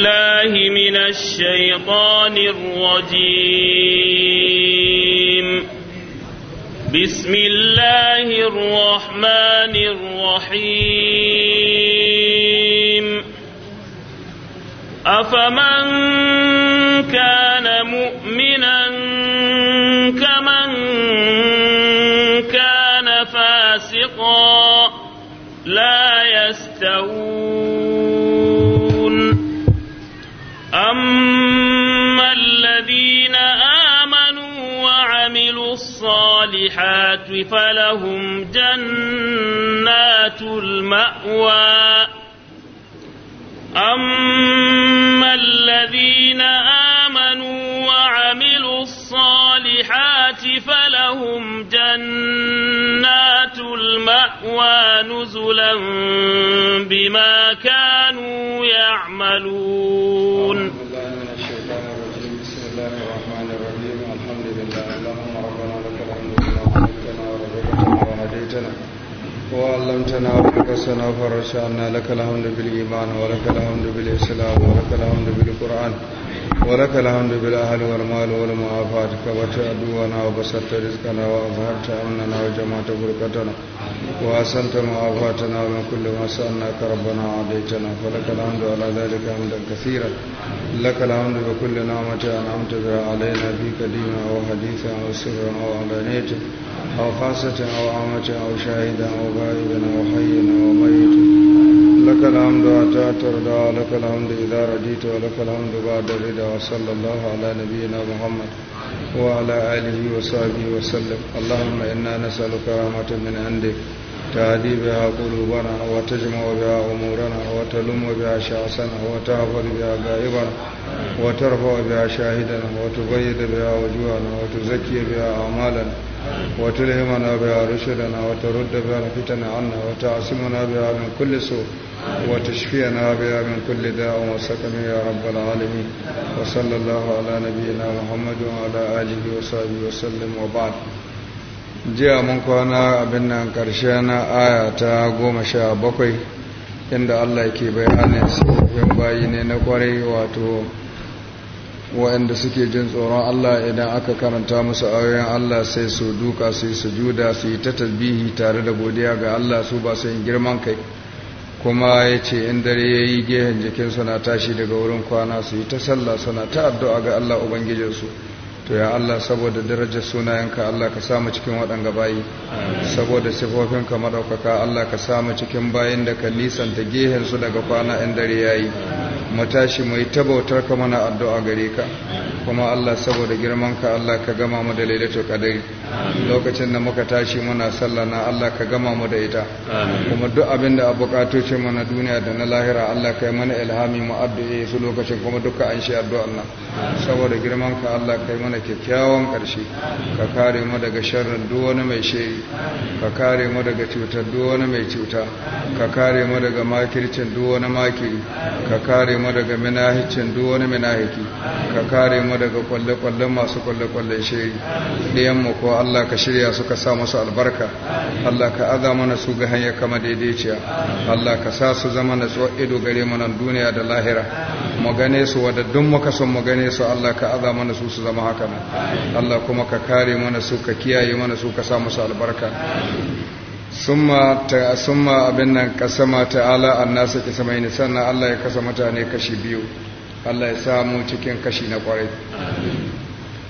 بالله من الشيطان الرجيم بسم الله الرحمن الرحيم أفمن كان مؤمنا كمن كان فاسقا لا يستوون الصالحات فلهم جنات المأوى أما الذين آمنوا وعملوا الصالحات فلهم جنات المأوى نزلا بما كانوا يعملون وعلمتنا وفكسنا وفرشنا لك الحمد بالإيمان ولك الحمد بالإسلام ولك الحمد بالقرآن ولك الحمد بالأهل والمال والمعافاة كبت أدوانا وبسطت رزقنا وأظهرت أمننا وجمعت بركتنا وأحسنت معافاتنا ومن كل ما سألناك ربنا عاديتنا فلك الحمد على ذلك حمدا كثيرا لك الحمد بكل نعمة أنعمت بها علينا في قديمة أو حديثا أو سرا أو علانية أو خاصة أو عامة أو شاهدا أو غائبا أو حيا أو ميتا لك الحمد أتى ترضى لك الحمد إذا رضيت ولك الحمد بعد الرضا وصلى الله على نبينا محمد وعلى آله وصحبه وسلم اللهم إنا نسألك رحمة من عندك تهدي بها قلوبنا وتجمع بها أمورنا وتلم بها شعصنا وتغفر بها غائبنا وترفع بها شاهدنا وتبيد بها وجوهنا وتزكي بها أعمالنا وتلهمنا بها رشدنا وترد بها الفتن عنا وتعصمنا بها من كل سوء وتشفينا بها من كل داء وسكن يا رب العالمين وصلى الله على نبينا محمد وعلى آله وصحبه وسلم وبعد jiya mun kwana abin nan ƙarshe na aya ta goma sha bakwai inda Allah ke bayanin sifofin bayi ne na kwarai wato waɗanda suke jin tsoron Allah idan aka karanta musu ayoyin Allah sai su duka su yi sujuda su yi ta tasbihi tare da godiya ga Allah su ba su yin girman kai kuma ya ce in dare ya yi gehen jikinsu na tashi daga wurin kwana su yi ta sallah suna ta addu'a ga Allah Ubangijinsu to ya Allah saboda darajar sunayenka Allah ka samu cikin waɗanga bayi saboda sifofinka maɗaukaka Allah ka samu cikin bayin da ka nisanta gehen su daga kwana in dare yayi mu tashi mu yi ta bautar ka mana addu'a gare ka kuma Allah saboda girman ka Allah ka gama mu da lailatul qadari lokacin da muka tashi muna sallah na Allah ka gama mu da ita kuma duk abin da abukatoci na duniya da na lahira Allah ka yi mana ilhami mu addu'a su lokacin kuma duka an shi addu'an nan saboda girman ka Allah ka yi mana kyakkyawan karshe ka kare mu daga sharrin duk wani mai shiri ka kare mu daga cutar duk wani mai cuta ka kare mu daga makircin duk wani makiri ka kare mu daga minahicin duk wani minahiki ka kare mu daga kwalle-kwalle masu kwalle-kwalle shiri ɗiyan mu ko Allah ka shirya su ka sa musu albarka Allah ka aza mana su ga hanyar kama daidaiciya Allah ka sa su zama na ido gare mu nan duniya da lahira mu gane su duk muka son mu gane su Allah ka aza mana su su zama haka nan Allah kuma ka kare mana su ka kiyaye mana su ka sa musu albarka summa abin nan kasama ta'ala annasa kisamaini sannan Allah ya kasa mutane kashi biyu Allah ya samu cikin kashi na kwarai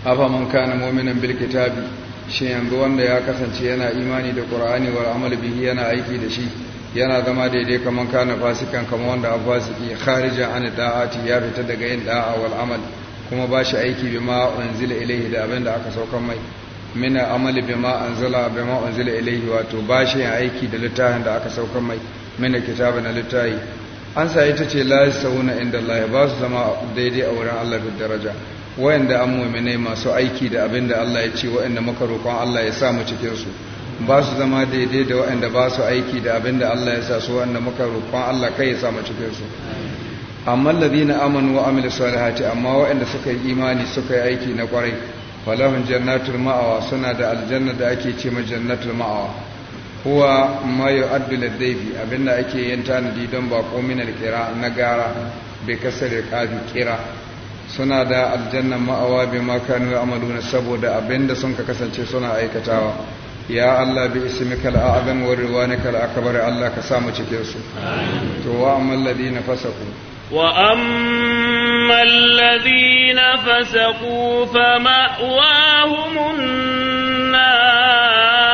afa mun kana mu'minan bil kitabi shi yanzu wanda ya kasance yana imani da qur'ani wal amal bihi yana aiki da shi yana zama daidai kaman kana fasikan kaman wanda a fasiki kharija an da'ati ya fita daga yin da'a wal amal kuma ba shi aiki bima unzila ilayhi da abin da aka saukar mai mina amali bima anzala bima unzila ilayhi wato bashin aiki da littafin da aka saukar mai mina na littafi an sa ita ce la yasawuna inda Allah ba su zama daidai a wurin Allah bi daraja wayanda an ne masu aiki da abinda Allah ya ce wayanda muka roƙon Allah ya sa mu cikin su ba su zama daidai da wayanda ba su aiki da abinda Allah ya sa su wayanda muka roƙon Allah kai ya sa mu cikin su amma alladhina amanu wa amilus salihati amma wayanda suka yi imani suka yi aiki na kwarai falahun jannatul ma'awa suna da aljanna da ake ce ma jannatul ma'awa huwa ma yu'addu lidayfi abinda ake yin tanadi don bako min alqira na gara bai kasar kafi kira suna da aljanna ma'awa bai ma kanu amaluna saboda abinda sun ka kasance suna aikatawa ya Allah bi ismikal a'zam wa riwanikal akbar Allah ka samu cikin su to wa amal ladina fasaku وأما الذين فسقوا فمأواهم النار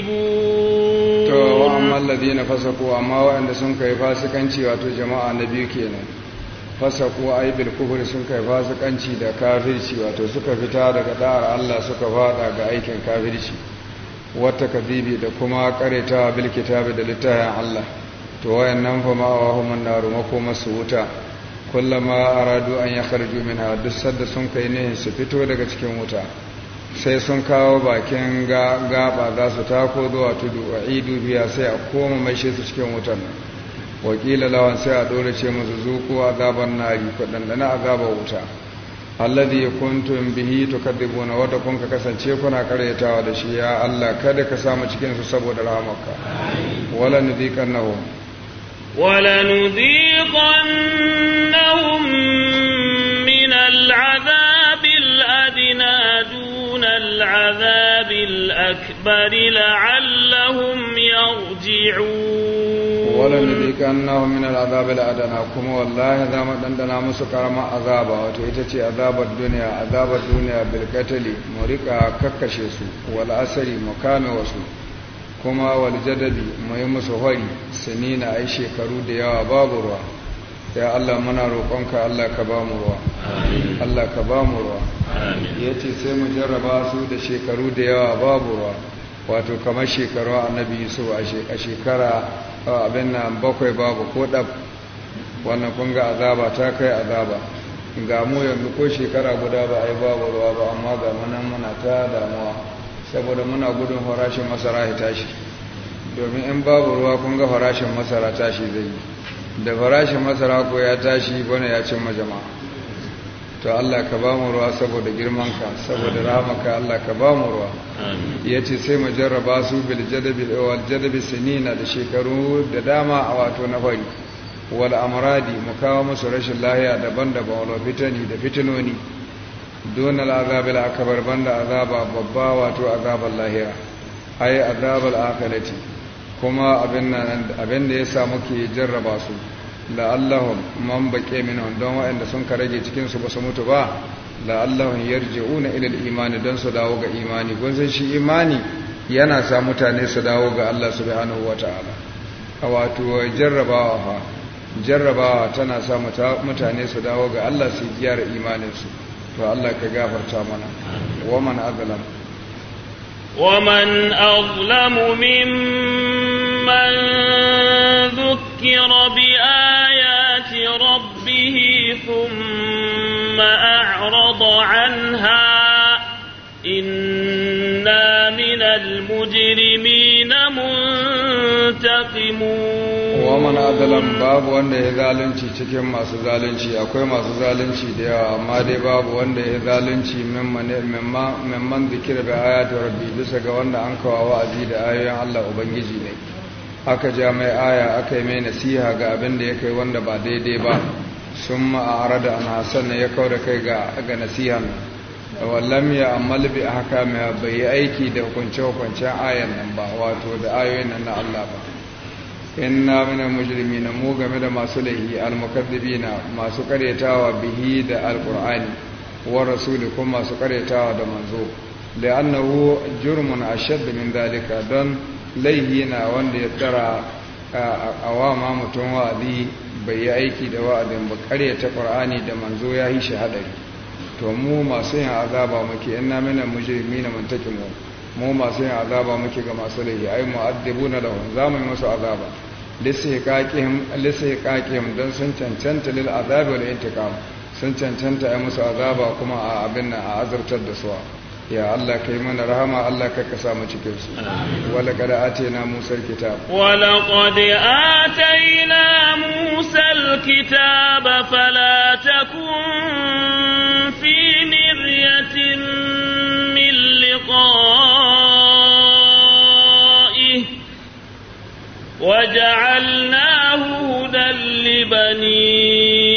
يكسبون to wa amma alladhina amma wa'anda sun kai fasikanci wato jama'a na biyu kenan fasaku kufri sun kai fasikanci da kafirci wato suka fita daga da'ar Allah suka fada ga aikin kafirci wata kadhibi da kuma karetawa bil kitabi da littafin Allah to wayannan fa ma'awahum an-naru makoma masu wuta kullama aradu an yakhruju minha duk sun kai ne su fito daga cikin wuta sai sun kawo bakin gaba za su tako zuwa tudu a idu biya sai a koma mai shi su cikin wutan wakila lawan sai a dole ce musu zuku azaban nari kudandana azabar wuta alladhi kuntum bihi tukadibuna wata kun ka kasance kuna karyatawa da shi ya Allah kada ka samu cikin su saboda rahamarka wala nudhiqannahum wala nudhiqannahum min al'adab العذاب الأكبر لعلهم يرجعون ولنذيقنهم من العذاب الأدنى كما والله إذا ما دندنا مسكر ما عذابا وتيتتي عذاب الدنيا عذاب الدنيا بالقتل مريكا ككشيسو والأسر مكان وسو كما والجدد مهم سهري سنين أي شيكرو ديا بابروا ya Allah muna roƙonka Allah ka ba mu ruwa Allah ka ba mu ruwa ya ce sai mu jarraba su da shekaru da yawa babu ruwa wato kamar shekaru annabi yusuf a shekara abin nan bakwai babu ko ɗab wannan kun ga azaba ta kai azaba ga mu yanzu ko shekara guda ba a yi babu ruwa ba amma ga manan muna ta damuwa saboda muna gudun farashin masara ya tashi domin in babu ruwa kun ga farashin masara tashi zai yi da farashin masara ko ya tashi bane ya cin majama to Allah ka ba mu ruwa saboda girmanka saboda rahamaka Allah ka ba mu ruwa ya ce sai mu jarraba su bil jadabi sinina da shekaru da dama a wato na fari wal amradi mu kawo musu rashin lahiya daban-daban wal fitani da fitinoni don al azabil akbar banda azaba babba wato azabar lahiya ay azabal akhirati kuma abin da ya sa muke jarraba su allahun man baƙe minhum don waɗanda sun ka rage cikinsu ba su mutu ba la'allahum yarji'una ila imani don su dawo ga imani gunzan shi imani yana sa mutane su dawo ga Allah subhanahu wata'ala a wato jarrabawa fa jarrabawa tana sa mutane su dawo ga Allah su gyara imaninsu to Allah ka gafarta mana wa man azlam من ذكر بآيات ربه ثم أعرض عنها إنا من المجرمين منتقمون ومن أظلم باب وند zalunci cikin masu zalunci akwai masu zalunci da yawa amma dai babu wanda ya zalunci mimman zikir da ayatu rabbi bisa ga wanda an kawo wa'azi da ayoyin Allah Ubangiji ne aka ja mai aya aka yi mai nasiha ga abin da ya kai wanda ba daidai ba sun ma'ara da ana sannan ya kau da kai ga nasihan wallam ya ammal bi haka mai bai yi aiki da hukunce hukunce ayan nan ba wato da ayoyin nan na Allah ba In na mina mujirmi na mu game da masu laihi almukaddibi na masu karyatawa bihi da alkur'ani wa rasuli ko masu karyatawa da manzo da annahu jurmun ashad min dalika don Laifi na wanda ya tsara a wa ma mutum wa'azi bai yi aiki da wa'azin ba ta qur'ani da manzo ya yi shi hadari to mu masu yin azaba muke inna minal na muntakimu mu mu masu yin azaba muke ga masu laifi ai mu'addibuna lahum za mu yi musu azaba mu don sun cancanta lil azabi wal intiqam sun cancanta ai musu azaba kuma a abin nan a azartar da su ya Allah kai mana rahama Allah ka ka samu cikin su wala qad atayna Musa alkitab wala qad atayna Musa alkitab fala takun fi miryatin min liqa'ihi waja'alnahu hudan li bani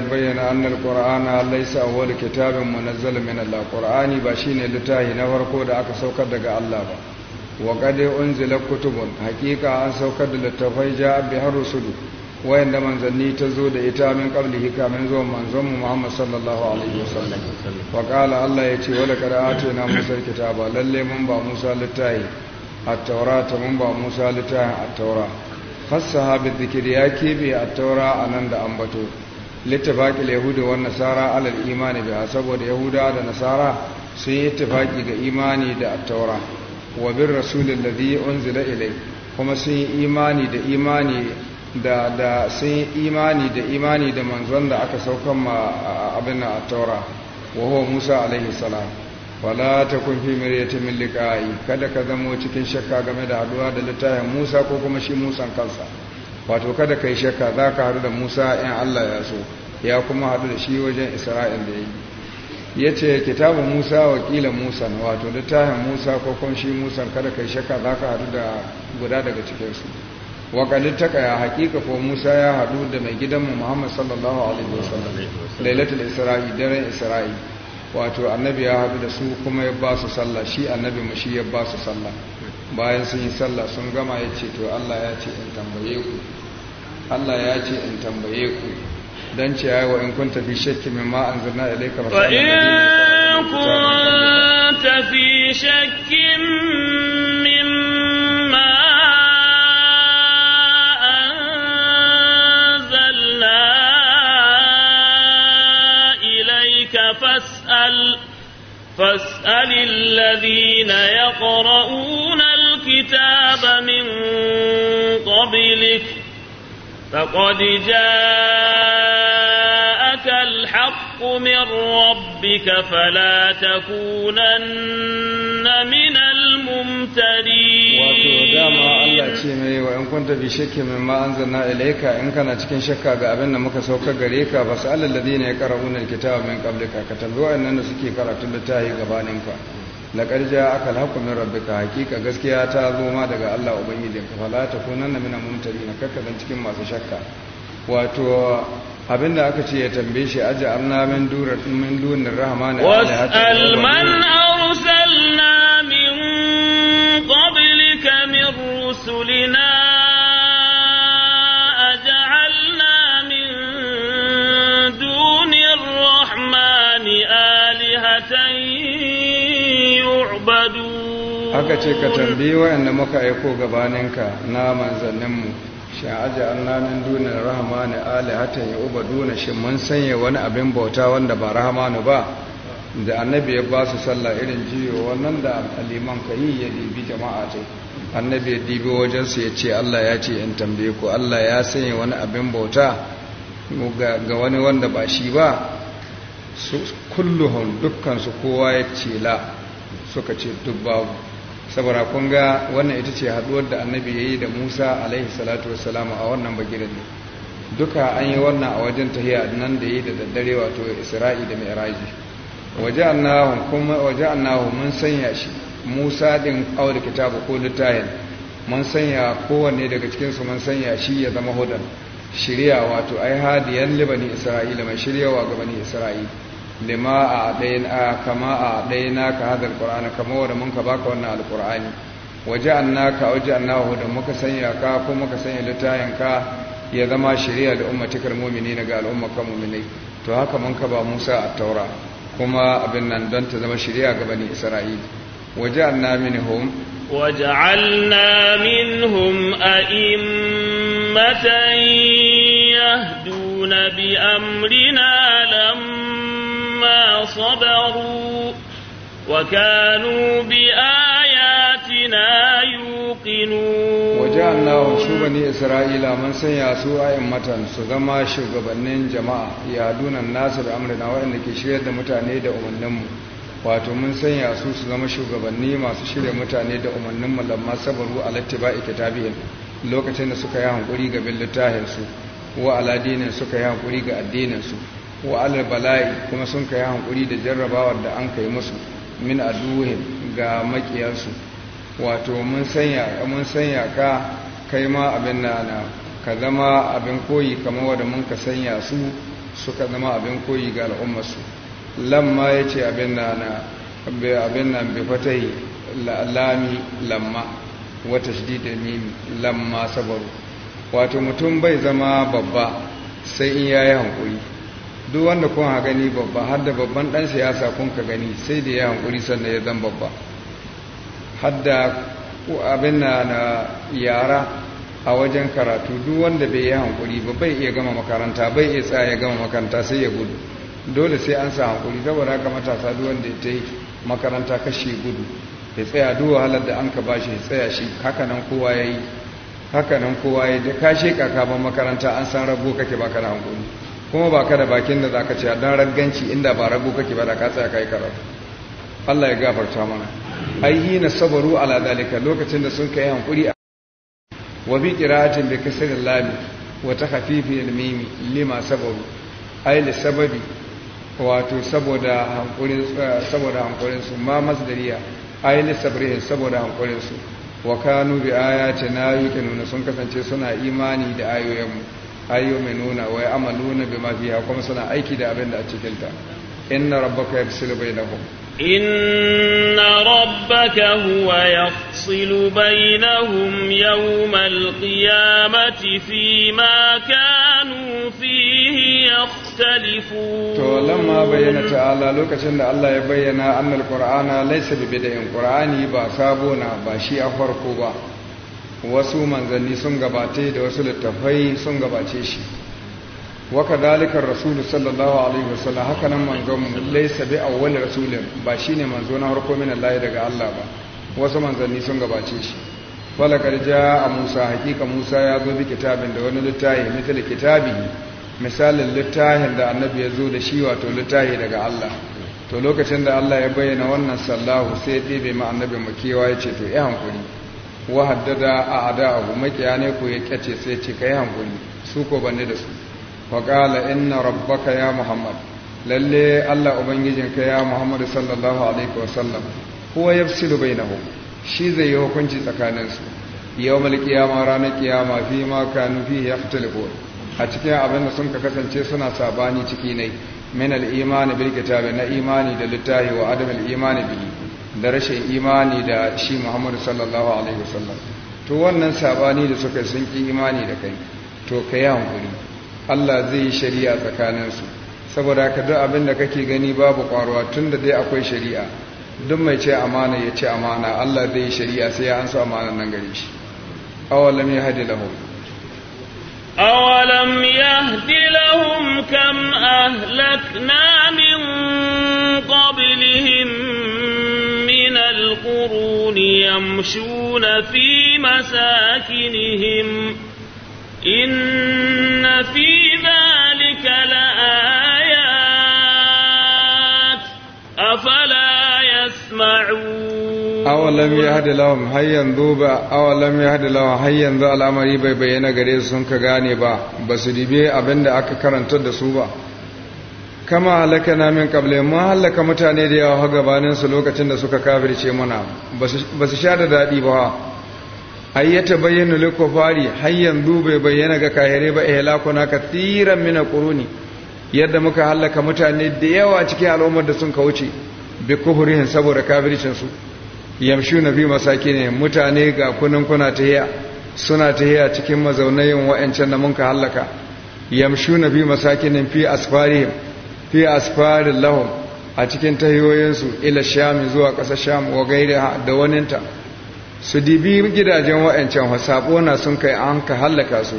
ya bayyana annal qur'ana laysa awwal kitabin munazzal min Allah qur'ani ba shine littafi na farko da aka saukar daga Allah ba wa qad unzila kutubun haqiqa an saukar da littafai ja bi har wayanda manzanni ta zo da ita min hika min zuwan manzon mu Muhammad sallallahu alaihi wasallam wa qala Allah yace wa laqad atina Musa kitaba lalle mun ba Musa littafi at ta mun ba Musa littafin at taura fassaha bi dhikri ya kebe at-taura anan da ambato da yahudu wa nasara alal imani biha saboda yahuda da nasara sun yi ittifaqi ga imani da taura wa da rasulil ladhi unzila ilai kuma sun yi imani da imani da da sun yi imani da imani da manzon da aka saukan ma abin at-taura wa huwa musa alaihi salam wala takun fi ya min liqa'i kada ka zamo cikin shakka game da haduwa da littafin musa ko kuma shi musan kansa wato kada kai shakka za ka haɗu da musa in allah ya so ya kuma haɗu da shi wajen isra'il da ya yi ya ce kitabun musa wakilan musa wato littafin musa ko kunshi musa kada kai shakka za ka haɗu da guda daga cikinsu wakalin ƙaya hakika ko musa ya haɗu da mai gidanmu muhammad sallallahu alaihi wasallam lailatul isra'i daren isra'i wato annabi ya haɗu da su kuma ya ba su sallah shi annabi mu shi ya ba su sallah bayan sun yi sallah sun gama ya ce to allah ya ce in tambaye ku Allah ya ce in tambaye ku dan ce wa in kunta fi shakki mimma anzalna ilayka fa in kunta fi shakki mimma anzalna ilayka fas'al فاسأل الذين يقرؤون الكتاب من قبلك فقد جاءك الحق من ربك فلا تكونن من الممترين وإن كنت في شك مما أنزلنا إليك إن كان شكا بأبن مكا سوكا غريكا فسأل الذين يقرؤون الكتاب من قبلك كتبوا أننا سكي قرأت اللتاهي قبالنك laqad ja'aka al-haqqu min rabbika hakika gaskiya ta zo ma daga Allah ubangijinka fala takunanna min al-mumtarin kakkadan cikin masu shakka wato abin da aka ce ya tambaye shi aja amna min dura min dunar rahman was'al man arsalna min qablika min rusulina aj'alna min يعبدون aka ce ka tambayi wayanda muka aiko gabaninka na manzanninmu shin aja'alna min dunin rahmani uba duna shin mun sanya wani abin bauta wanda ba rahmanu ba da annabi ya ba su sallah irin jiyo wannan da aliman ka yi ya dibi jama'a ce annabi ya dibi wajensu ya ce Allah ya ce in tambaye ku Allah ya sanya wani abin bauta ga wani wanda ba shi ba kulluhun dukkansu kowa ya ce la suka ce duk babu saboda kun ga wannan ita ce haduwar da annabi ya yi da musa alaihi salatu wassalamu a wannan bagiran duka an yi wannan a wajen tahiya nan da yi da daddare wato isra'i da mai waje annahu mun sanya shi musa din aure kitabu ko littahin mun sanya kowanne daga cikinsu mun sanya shi ya zama hudan shirya wato ai hadiyan libani isra'ila mai shiryawa ga bani isra'ila lima a ɗaya kama a ɗaya ka hadar ƙur'ani kama wanda mun ka baka wannan alƙur'ani waje an na ka waje an nahu da muka sanya ka ko muka sanya littayin ka ya zama shari'a da ummatikar mumini na ga al'ummakan mumini to haka mun ka ba musa a taura kuma abin nan don ta zama shari'a ga bani isra'ila waje an na minhum وجعلنا منهم أئمة يهدون بأمرنا لما ما صبروا وكانوا بآياتنا يوقنون وجعلناهم سو بني إسرائيل من سنيا سوء أئمة سغما شوغبنين جماعة يهدون الناس بأمرنا وإن كشرية متاني دا نمو wato mun sanya su su zama shugabanni masu shirya mutane da umarnin malamma sabaru a lattiba'i kitabihin lokacin da suka yi hankuri ga bin su wa aladinin suka yi hankuri ga addinin su wa alal bala'i kuma sun kai hankuri da jarrabawar da an kai musu min aduhin ga makiyarsu wato mun sanya mun sanya ka kai ma abin nana ka zama abin koyi kamar wanda mun ka sanya su suka zama abin koyi ga al'ummarsu lamma ya ce abin nana na abin nan bi fatai lami lamma wata shidida mimi lamma sabaru wato mutum bai zama babba sai in yayi hankuri duk wanda kun gani babba har babban dan siyasa kun ka gani sai da ya hankuri sannan ya zan babba har da abin na yara a wajen karatu duk wanda bai yi hankuri ba bai iya gama makaranta bai iya tsaya ya gama makaranta sai ya gudu dole sai an sa hankuri saboda haka matasa duk wanda ta yi makaranta kashe gudu ya tsaya duk wahalar da an ka bashi ya tsaya shi hakanan kowa ya yi hakanan kowa ya da kashe ban makaranta an san rabo kake baka da hankuri kuma ba ka da bakin da za ka ce don ragganci inda ba rago kake ba da ka tsaya kai karatu Allah ya gafarta mana ai na sabaru ala dalika lokacin da sun kai hankuri a wa bi qira'atin bi kasri lam wa takhfifi al mim lima sabaru ai li sababi wato saboda hankurin saboda hankurin su ma masdariya ai li sabri saboda hankurin su wa kanu bi ayatina yuqinuna sun kasance suna imani da ayoyin mu ayyuminuna wa ya'maluna bima fiha kuma suna aiki da abin da a cikin ta inna rabbaka yafsilu bainahum inna rabbaka huwa yafsilu bainahum yawmal qiyamati fima kanu fihi yakhtalifun to lamma bayyana ta'ala lokacin da Allah ya bayyana annal qur'ana laysa bi bid'in qur'ani ba sabo na ba shi a farko ba wasu manzanni sun gabate da wasu littafai sun gabace shi waka dalikar rasulu sallallahu alaihi wasallam haka nan manzon laisa bi awwal rasulin ba shine manzo na harko min Allah daga Allah ba wasu manzanni sun gabace shi falakar ja a Musa hakika Musa ya zo bi kitabin da wani littafi mital kitabi misalin littafin da annabi ya zo da shi wato littafi daga Allah to lokacin da Allah ya bayyana wannan sallahu sai ya ɗebe ma annabin makewa ya ce to ya hankuri wa haddada a hada abu makiya ne ko ya kyace sai ce kai hankuri su ko banne da su wa qala inna rabbaka ya muhammad lalle Allah ubangijinka ya muhammad sallallahu alaihi wa sallam huwa yafsilu bainahum shi zai yi hukunci tsakanin su yawmal qiyama ranar qiyama fi ma kanu fi yaftalifu a cikin abin da sun ka kasance suna sabani ciki ne min al-imani bil kitabi na imani da littahi wa adam al-imani bihi da rashin imani da shi muhammadu sallallahu alaihi wasallam to wannan sabani da suka sun ƙi imani da kai to ka yi hankuri allah zai yi shari'a tsakaninsu saboda ka duk abin da kake gani babu ƙwaruwa tun da dai akwai shari'a duk mai ce amana ya ce amana allah zai yi shari'a sai ya an sa amanan nan gare shi awalam ya hadi lahum أولم يهد لهم min القرون يمشون في مساكنهم إن في ذلك لآيات أفلا يسمعون أولم يهد لهم هيا ذوبا أولم يهد لهم هيا ذو الأمر بيبين غريسون كغاني با بس دي بي أبند أكا كرنتد سوبا kama halakana min kable mun halaka mutane da yawa gabanin su lokacin da suka kafirce muna ba su sha da dadi ba ayyata bayyana fari. har yanzu bai bayyana ga kahire ba ihlakuna kathiran min quruni yadda muka halaka mutane da yawa cikin al'ummar da sun kauce bi kufurihin saboda kafircin su yamshu na bi masaki ne mutane ga kunun kuna tahiya suna tahiya cikin mazaunayin wa'ancan da mun ka halaka yamshu na bi masakinin fi asfarihim fi asfarin lahum a cikin tahiyoyinsu ila shami zuwa ƙasa sham wa gaira da waninta su dibi gidajen wa'ancan hasaɓo na sun kai an ka hallaka su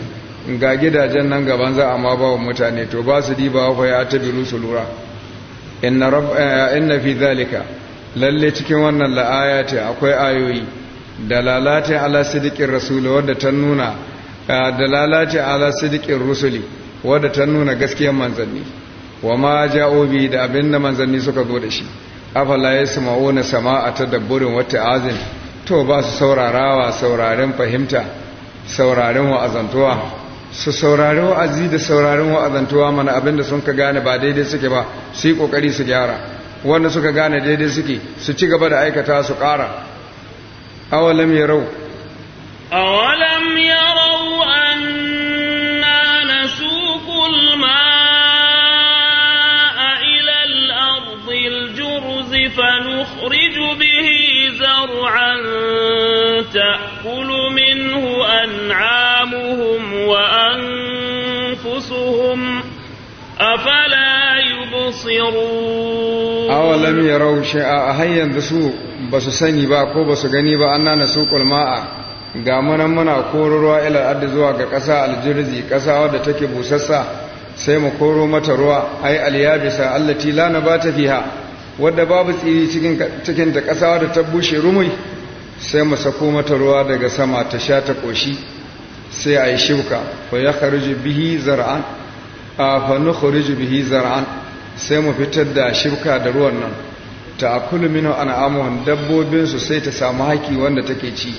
ga gidajen nan gaban za a ma ba mutane to ba su diba wa ya ta biru su lura eh, inna fi zalika lalle cikin wannan la'aya ce akwai ayoyi da lalace ala sidikin rasuli eh, rusuli wadda ta nuna gaskiyar manzanni wa ma ja'o bi da abin da manzanni suka zo da shi afala ya sama'o na sama'a ta dabburin wata azin to ba su saurarawa sauraren fahimta sauraren wa'azantuwa su saurari wa'azi da saurarin wa'azantuwa mana abin da sun ka gane ba daidai suke ba su yi kokari su gyara wanda suka gane daidai suke su ci gaba da aikata su ƙara awalam yarau awalam yarau an فنخرج به زرعا تأكل منه أنعامهم وأنفسهم أفلا يبصرون أولم يروا شيئا أهيا دسو بس سني باكو بس غنيبا أننا نسوق الماء غامنا منا كوروا إلى الأرض زواج كسا الجرزي كسا ودى تكبو سسا سيمو كورو ماتروى أي اليابسة التي لا نبات فيها wadda babu tsiri cikin ta ƙasa da ta bushe rumui sai mu sako mata ruwa daga sama ta sha ta ƙoshi sai a yi shibka fa ya kharju bihi zar'an a fa nukhriju bihi zar'an sai mu fitar da shibka da ruwan nan ta akulu minhu an'amuhum dabbobin su sai ta samu haki wanda take ci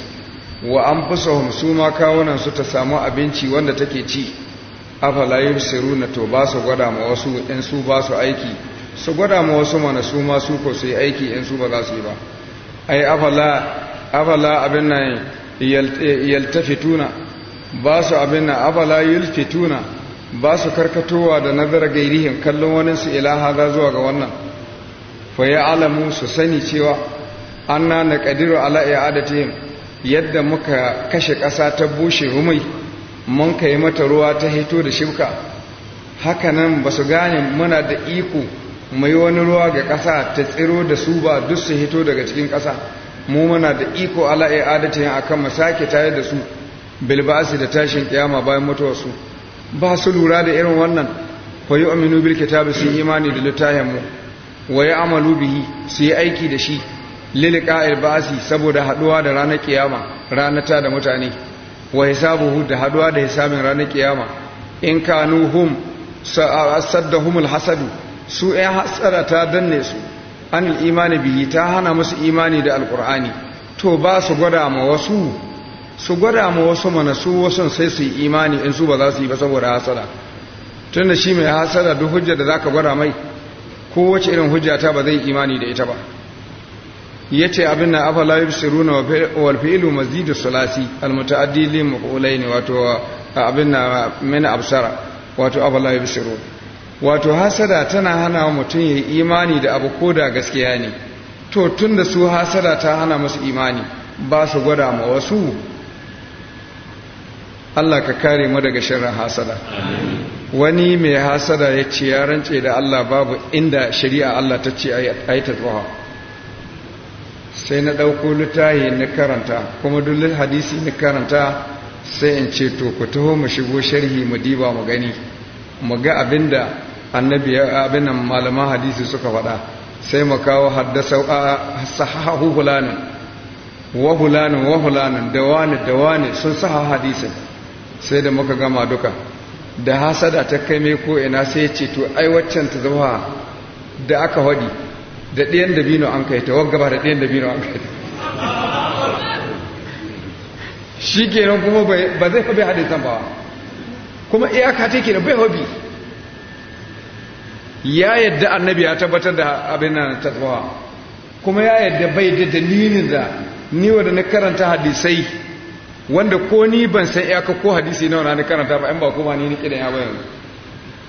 wa anfusuhum su ma kawunan su ta samu abinci wanda take ci afala yubsiruna to ba su gwada ma wasu in su ba su aiki su gwada ma wasu mana su ma su ko su yi aiki in su ba za su yi ba ai afala afala abin nan yaltafituna ba su abin nan afala yulfituna ba su karkatowa da nazar gairihin kallon wani su ilaha za zuwa ga wannan fa ya alamu su sani cewa anna na kadiru ala i'adatihim yadda muka kashe ƙasa ta bushe rumai. mun kai mata ruwa ta hito da shibka hakanan ba su gane muna da iko mu wani ruwa ga ƙasa ta tsiro da su ba duk su hito daga cikin ƙasa mu muna da iko ala a akan mu sake tayar da su bilbasi da tashin kiyama bayan mutuwar su ba su lura da irin wannan fa yu'minu bil kitabi su imani da littafin mu wa ya'malu bihi su yi aiki da shi lil qa'il ba'si saboda haduwa da ranar kiyama ranar ta da mutane wa hisabuhu da haduwa da hisabin ranar kiyama in kanu hum saddahumul hasadu su ya hatsara ta danne su an imani biyi ta hana musu imani da alkur'ani to ba su gwada ma wasu su gwada ma wasu mana su wasu sai su yi imani in su ba za su yi ba saboda hasara tunda shi mai hasara duk hujja da za ka gwada mai kowace irin hujja ta ba zai imani da ita ba ya ce abin na afala yi siru na walfi'ilu mazidu salasi almuta'addi lil maqulaini wato abin na min absara wato afala yi wato hasada tana hana mutum ya yi imani da abu ko da gaskiya ne to tun da su hasada ta hana musu imani ba su gwada ma wasu Allah ka kare mu daga shirin hasada wani mai hasada ya ce ya rance da Allah babu inda shari'a Allah ta ce a yi ta sai na ɗauko littahi na karanta kuma duk hadisi na karanta sai in ce to ku taho mu shigo sharhi mu diba mu gani mu ga abinda annabi abin nan malaman hadisi suka faɗa sai mu kawo haddasa sahahu hulanin wa hulanin wa hulanin da wani da wani sun saha hadisi sai da muka gama duka da hasada ta kai mai ko ina sai ce to ai waccan ta zama da aka hadi da ɗiyan dabino an kai ta wagga ba da ɗiyan dabino an kai ta shi kenan kuma ba zai haɓe hadisan ba kuma iyaka take da bai hobi ya yadda annabi ya tabbatar da abin nan taqwa kuma ya yadda bai da dalilin da ni wanda na karanta hadisai wanda ko ni ban san iyaka ko hadisi nawa na karanta ba in ba kuma ni ni kidan ya bayan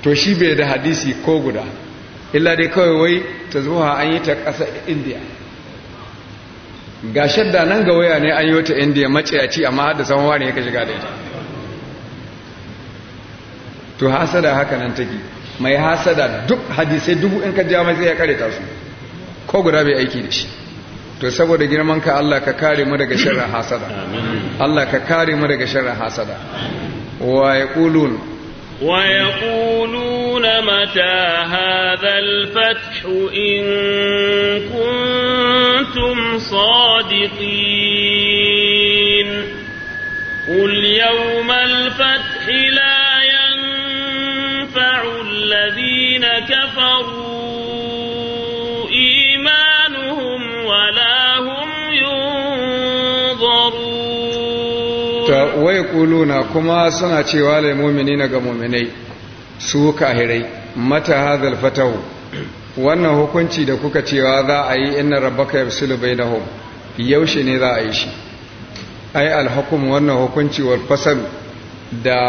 to shi bai da hadisi ko guda illa dai kawai wai tazbuha an yi ta ƙasa indiya ga shadda nan ga waya ne an yi wata indiya maciyaci amma har da samuwa ne ya ka shiga da ita to hasada haka nan take mai hasada duk hadisai dubu in ka ja mai sai ya kareta su ko guda bai aiki da shi to saboda girman ka Allah ka kare mu daga sharrin hasada Allah ka kare mu daga sharrin hasada wa yaqulun wa yaqulun mata hadha al-fath in kuntum sadiqin قل يوم الفتح لا كفروا إيمانهم ولا هم ينظرون ويقولون كما سنة شوال المؤمنين su kahirai mata hadal fatahu wannan hukunci da kuka cewa za a yi inna rabbaka yafsilu bainahum yaushe ne za a yi shi ai alhukum wannan hukunci wal fasal da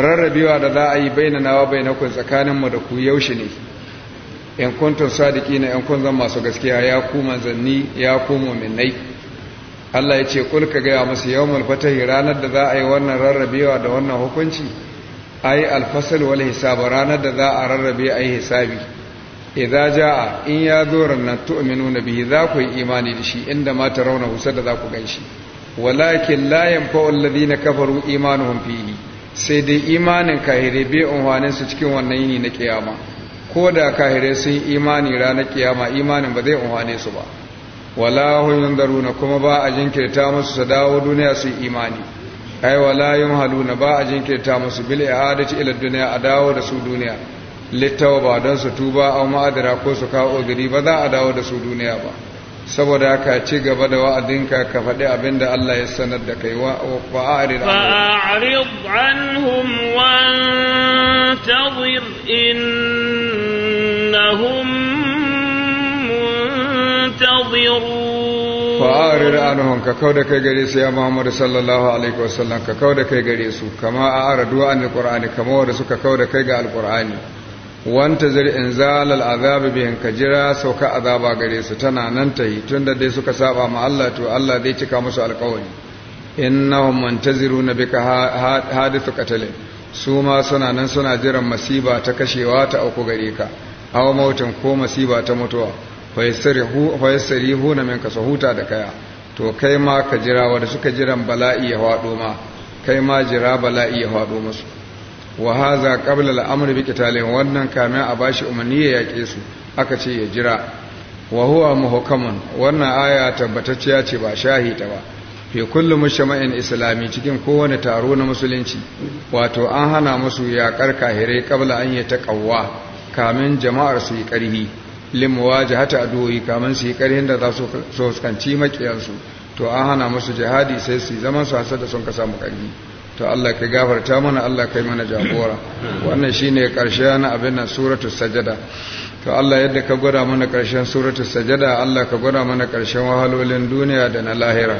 rarrabewa da za a yi bai wa bainakun tsakaninmu da ku yaushe ne in sadiki sadiqina in kun zan masu gaskiya ya ku manzanni ya ku mu'minai Allah ya ce kulka gaya musu yawmul fatahi ranar da za a yi wannan rarrabewa da wannan hukunci ai alfasal wal hisab ranar da za a rarrabe ayi hisabi idza jaa in ya zo ranar tu'minuna bihi za ku yi imani da shi inda ma ta rauna kusa da za ku ganshi walakin la yanfa'u alladhina kafaru imanuhum fihi sai dai imanin kahire bai unhwanin su cikin wannan yini na kiyama ko da kahire sun imani ranar kiyama imanin ba zai unhwane su ba wala hun daruna kuma ba a jinkirta musu su dawo duniya su imani ai wala yumhaluna ba a jinkirta musu bil i'adati ila duniya a dawo da su duniya littawa ba don su tuba au ma'adara ko su kawo gari ba za a dawo da su duniya ba saboda haka ci gaba da wa'adinka ka faɗi abin da Allah ya sanar da kai wa'arid anhum wantazir innahum muntazirun fa'arid anhum ka kauda kai gare su ya Muhammad sallallahu alaihi wasallam ka kauda kai gare su kama a aradu an alqur'ani kama wanda suka kauda kai ga alqur'ani wanta zari in zalal azabi bi ka jira sauka azaba gare su tana nan ta yi tunda dai suka saba ma Allah to Allah zai cika musu alkawari innahum muntaziruna bika hadithu qatalin su ma suna nan suna jiran masiba ta kashewa ta auku gare ka aw mautin ko masiba ta mutuwa fayasrihu fayasrihu na minka da kaya to kai ma ka jira wanda suka jiran bala'i ya hado ma kai ma jira bala'i ya hado musu wa haza qabla al-amr bi qitalin wannan kamin a bashi umarni ya yake su aka ce ya jira wa huwa muhkamun wannan aya tabbatacciya ce ba shahita ba fi kullu mushama'in islami cikin kowane taro na musulunci wato an hana musu ya hire qabla an yataqawwa kamin jama'ar su yi karhi limuwajahata adoyi kamin su yi karhin da za su fuskanci makiyansu to an hana musu jihadi sai su zaman su hasar da sun kasa samu karhi to Allah ka gafarta mana Allah kai mana jagora wannan shine karshe na abin nan suratul sajada to Allah yadda ka gwada mana ƙarshen suratul sajada Allah ka gwada mana ƙarshen wahalolin duniya da na lahira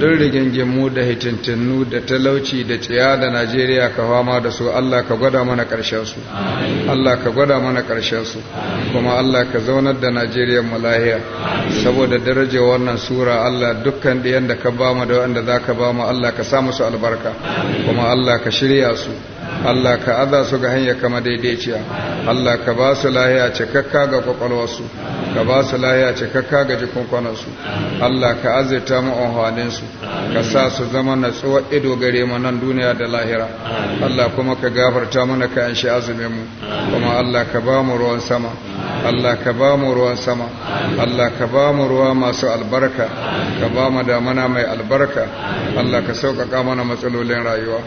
duk mu da hitintinu da talauci da tsiya da Najeriya ka fama da su Allah ka gwada mana ƙarshen su Allah ka gwada mana ƙarshen su kuma Allah ka zaunar da Najeriya mu lahiya saboda darajar wannan sura Allah dukkan ɗiyan da ka ba mu da wanda zaka mu, Allah ka sa musu albarka kuma Allah ka shirya su Allah ka aza su ga hanya kama daidaiciya Allah ka ba su lahiya cikakka ga kwakwalwarsu ka ba su lahiya cikakka ga jikunkunansu Allah ka azaita mu anhwaninsu ka sa su zama natsuwar ido gare mu nan duniya da lahira Allah kuma ka gafarta mana ka anshi azumin mu kuma Allah ka ba mu ruwan sama Allah ka ba mu ruwan sama Allah ka ba mu ruwa masu albarka ka ba mu damana mai albarka Allah ka sauƙaƙa mana matsalolin rayuwa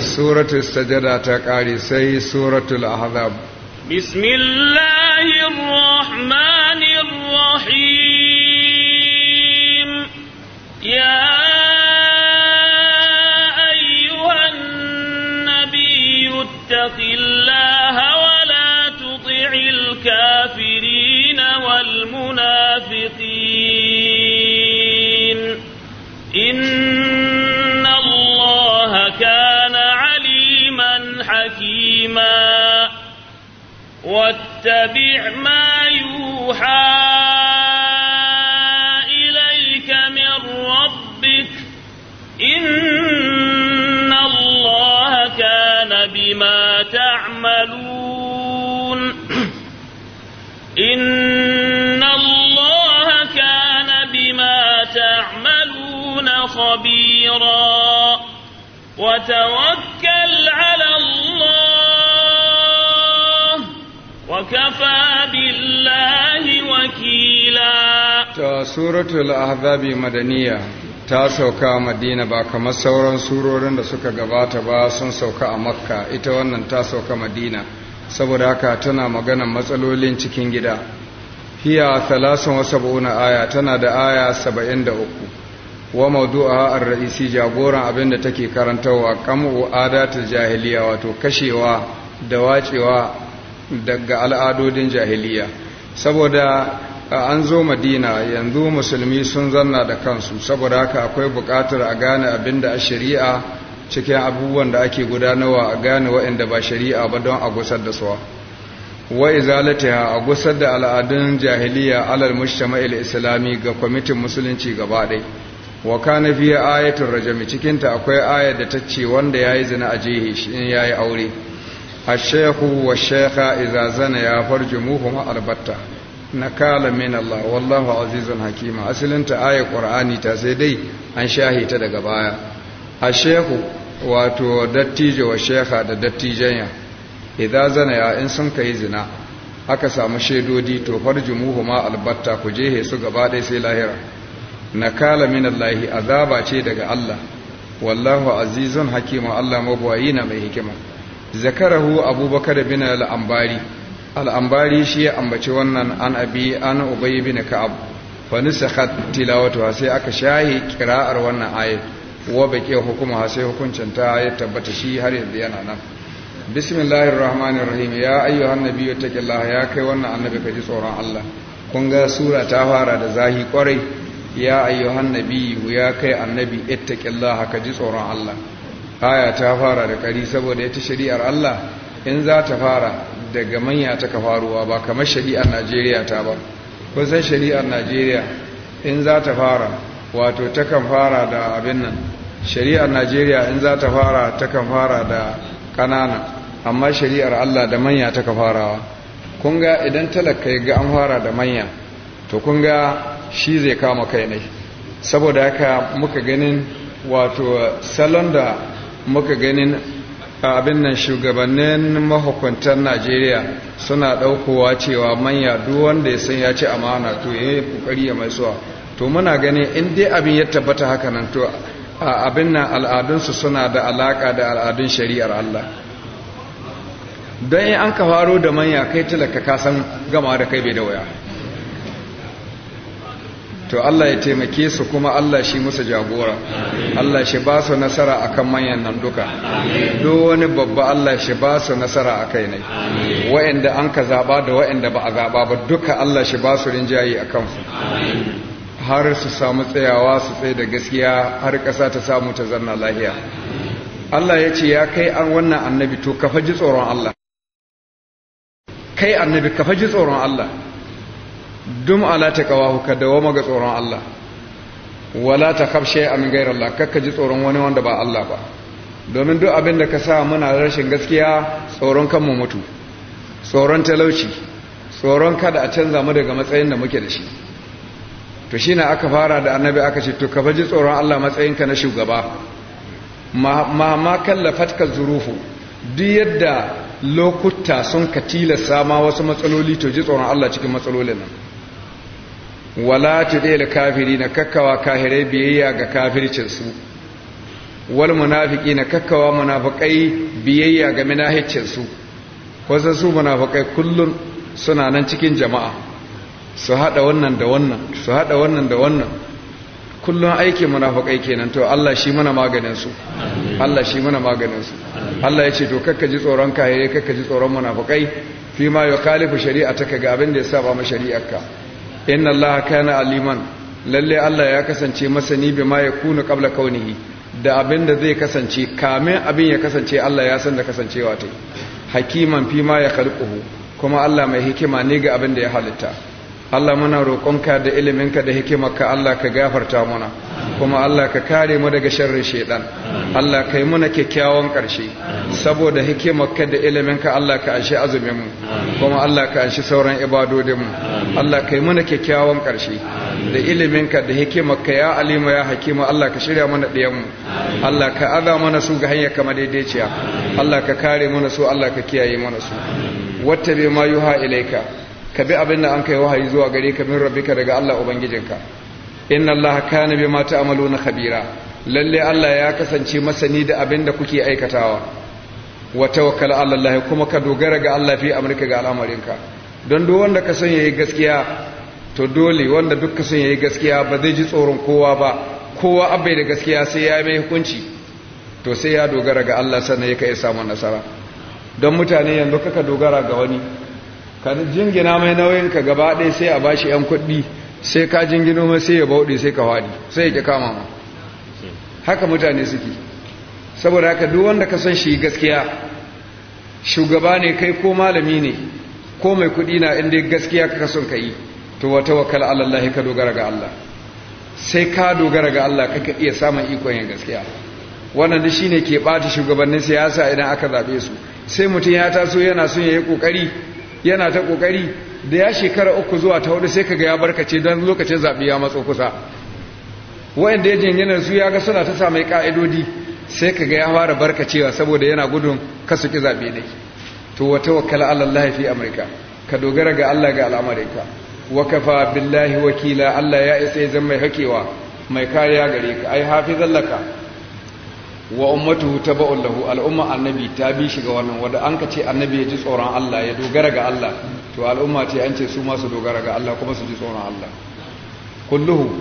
suratul sajada ta ƙare sai suratul ahzab bismillahir rahmanir rahim واتبع ما يوحى إليك من ربك إن الله كان بما تعملون إن الله كان بما تعملون خبيرا وتوكل وكفى بالله وكيلا تا سورة الأحزاب مدنية ta sauka madina ba kamar sauran surorin da suka gabata ba sun sauka a makka ita wannan ta sauka madina saboda haka tana magana matsalolin cikin gida hiya talatin wa sab'una aya tana da aya saba'in da uku wa mawdu'a ar-ra'isi jagoran abin da take karantarwa kamu adatul jahiliya wato kashewa da wacewa daga al'adodin jahiliya saboda an zo madina yanzu musulmi sun zanna da kansu saboda haka akwai bukatar a gane abin da a shari'a cikin abubuwan da ake gudanarwa a gane waɗanda ba shari'a ba don a gusar da suwa wa izalatiha a gusar da al'adun jahiliya alal mujtama'il islami ga kwamitin musulunci gaba ɗaya wa kana fiye ayatul rajami cikinta akwai ayar da ta ce wanda ya yi zina a jihi shi in yayi aure الشيخ wa إذا iza zana ya farji muhu albatta na kala min Allah wallahu azizun hakima asalinta ayar qur'ani ta sai dai an shahi ta daga baya shehu wato dattijo wa da idan zina aka samu shaidodi to farji ma albatta ku he su gaba ɗaya sai lahira na kala min Allahi azaba ce daga Allah wallahu azizun hakima Allah mabwayi na mai hikima zakarahu abubakar bin al'ambari al'ambari shi ya ambaci wannan an abi an ubayi bin ka'ab fa nisakhat tilawatu sai aka shahi kira'ar wannan ayat wa baqi hukuma sai hukuncin ta ya tabbata shi har yanzu yana nan bismillahir rahmanir rahim ya ayyuhan nabiyyu taqillaha ya kai wannan annabi kaji tsoron Allah kun ga sura ta fara da zahi kwarai ya ayyuhan nabiyyu ya kai annabi ka ji tsoron Allah aya ta fara da ƙari saboda ita shari'ar Allah in za ta fara daga manya ta ka faruwa ba kamar shari'ar Najeriya ta ba san shari'ar Najeriya in za ta fara wato ta kan fara da abin nan shari'ar Najeriya in za ta fara ta kan fara da ƙanana amma shari'ar Allah da manya ta ka farawa kun ga idan talaka ga an fara da manya to kun ga shi zai kama kai ne saboda haka muka ganin wato salon da muka ganin abin nan shugabannin mahukuntan najeriya suna ɗaukowa cewa manya duk wanda ya san ya ci amana to ya yi kokari ya mai suwa to muna ganin in dai abin ya tabbata haka nan to abin nan al'adunsu suna da alaka da al'adun shari'ar allah don in an ka faro da manya kai talaka ka san gama da kai bai da waya to Allah ya taimake su kuma Allah shi musu jagora Allah shi ba su nasara akan manyan nan duka duk wani babba Allah shi ba su nasara a kai ne wa'anda an ka zaba da wa'anda ba a zaba ba duka Allah shi ba su rinjaye akan su har su samu tsayawa su tsaye da gaskiya har ƙasa ta samu ta zanna lahiya Allah ya ce ya kai an wannan annabi to ka faji tsoron Allah kai annabi ka faji tsoron Allah dum ala taqawahu ka dawama ga tsoron Allah wala ta shay'a min ghayri Allah kakka ji tsoron wani wanda ba Allah ba domin duk abin da ka sa muna rashin gaskiya tsoron kan mu mutu tsoron talauci tsoron kada a canza mu daga matsayin da muke da shi to shine aka fara da annabi aka ce to ka ji tsoron Allah matsayin ka na shugaba ma ma ka zurufu duk yadda lokuta sun ka sama wasu matsaloli to ji tsoron Allah cikin matsalolin nan wala kafiri na kakkawa kahirai biyayya ga kafircinsu. wal munafiki na kakkawa munafiqai biyayya ga minahicin su wasu su munafiqai kullun suna nan cikin jama'a su hada wannan da wannan su hada wannan da wannan kullun aikin munafiqai kenan to Allah shi mana maganin su Allah shi mana maganin su Allah ya ce to kakka ji tsoron kahirai kakka ji tsoron munafiqai fi ma yukhalifu shari'ataka ga abin da ya saba ma shari'arka inna allaha kana aliman lalle allah ya kasance masani bima kunu qabla kaunihi da abin da zai kasance kamin abin ya kasance allah ya san da kasancewa ta hakiman fi ma ya khalquhu kuma allah mai hikima ne ga abin da ya halitta Allah muna roƙonka da iliminka da hikimarka Allah ka gafarta muna kuma Allah ka kare mu daga sharri shaidan Allah kai muna kyakkyawan ƙarshe saboda hikimarka da iliminka Allah ka anshi azumin mu kuma Allah ka anshi sauran ibadodin mu Allah kai muna kyakkyawan ƙarshe da iliminka da hikimarka ya alima ya hakima Allah ka shirya mana ɗiyan mu Allah ka aza mana su ga hanyar kama daidaiciya Allah ka kare mana su Allah ka kiyaye mana su bai ma yuha ilaika ka bi abin da an kai wahayi zuwa gare ka min rabbika daga Allah ubangijinka inna Allah kana bima ta'maluna khabira lalle Allah ya kasance masani da abin da kuke aikatawa wa tawakkal ala Allah kuma ka dogara ga Allah fi amrika ga al'amarinka don duk wanda ka son yayi gaskiya to dole wanda duk ka son yayi gaskiya ba zai ji tsoron kowa ba kowa abai da gaskiya sai ya mai hukunci to sai ya dogara ga Allah sannan ya kai samun nasara don mutane yanzu kaka dogara ga wani ka jingina mai nauyin ka gaba ɗaya sai a bashi yan kuɗi sai ka jingino mai sai ya bauɗe sai ka waɗi sai ya kama ma haka mutane suke saboda haka duk wanda ka san shi gaskiya shugaba ne kai ko malami ne ko mai kuɗi na inda gaskiya ka son ka yi to wata wakala Allah ka dogara ga Allah sai ka dogara ga Allah kaka iya samun ikon yin gaskiya wannan da shine ke bata shugabannin siyasa idan aka zaɓe su sai mutum ya taso yana son ya yi kokari yana ta kokari da ya shekara uku zuwa ta hudu sai kaga ya barkace don lokacin zaɓe ya matso kusa wa'anda ya jingina su ya ga suna ta samai ka'idodi sai kaga ya fara barkacewa saboda yana gudun kasu ki zaɓe ne to wa tawakkala ala Allah fi amrika ka dogara ga Allah ga al'amarika wa kafa billahi wakila Allah ya isa ya mai hakewa mai kariya gare ka ai hafizallaka wa ummatuhu taba'un lahu al'umma annabi ta bi shi ga wannan wanda an ka ce annabi ya ji tsoron Allah ya dogara ga Allah to al'umma ce an ce su ma su dogara ga Allah kuma su ji tsoron Allah kulluhu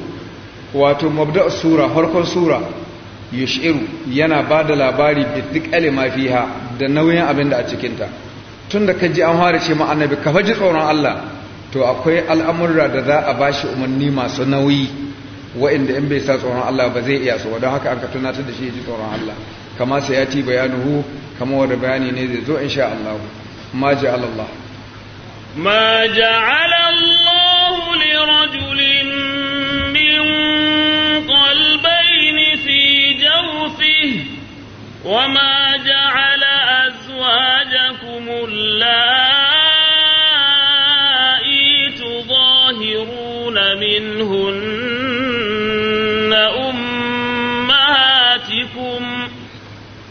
wato mabda'u sura farkon sura yushiru yana ba da labari bi duk alima fiha da nauyin abin da a cikin ta tunda ka ji an fara ce ma annabi ka faji tsoron Allah to akwai al'amurra da za a bashi umarni masu nauyi wa'inda in bai sa tsoron Allah ba zai iya su don haka an ka tunatar da shi ya ji tsoron Allah kama sai ya ci bayanuhu kama wanda bayani ne zai zo sha Allah ma ja'ala Allah ma ja'ala Allah li rajulin min qalbayn fi jawfihi وما جعل أزواجكم اللائي تظاهرون منهن أمهاتكم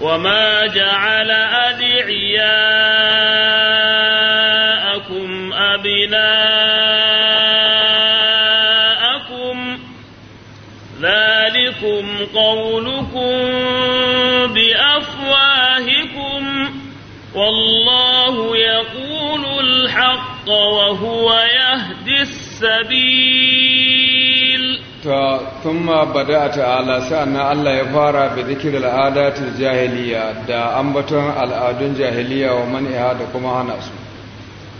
وما جعل أدعياءكم أبناءكم ذلكم قولكم بأفواهكم والله يقول الحق وهو يهدي السبيل ta thumma bada'a ta'ala sa'anna Allah ya fara bi zikr al'adatil jahiliya da ambaton al'adun jahiliya wa man'iha da kuma hana su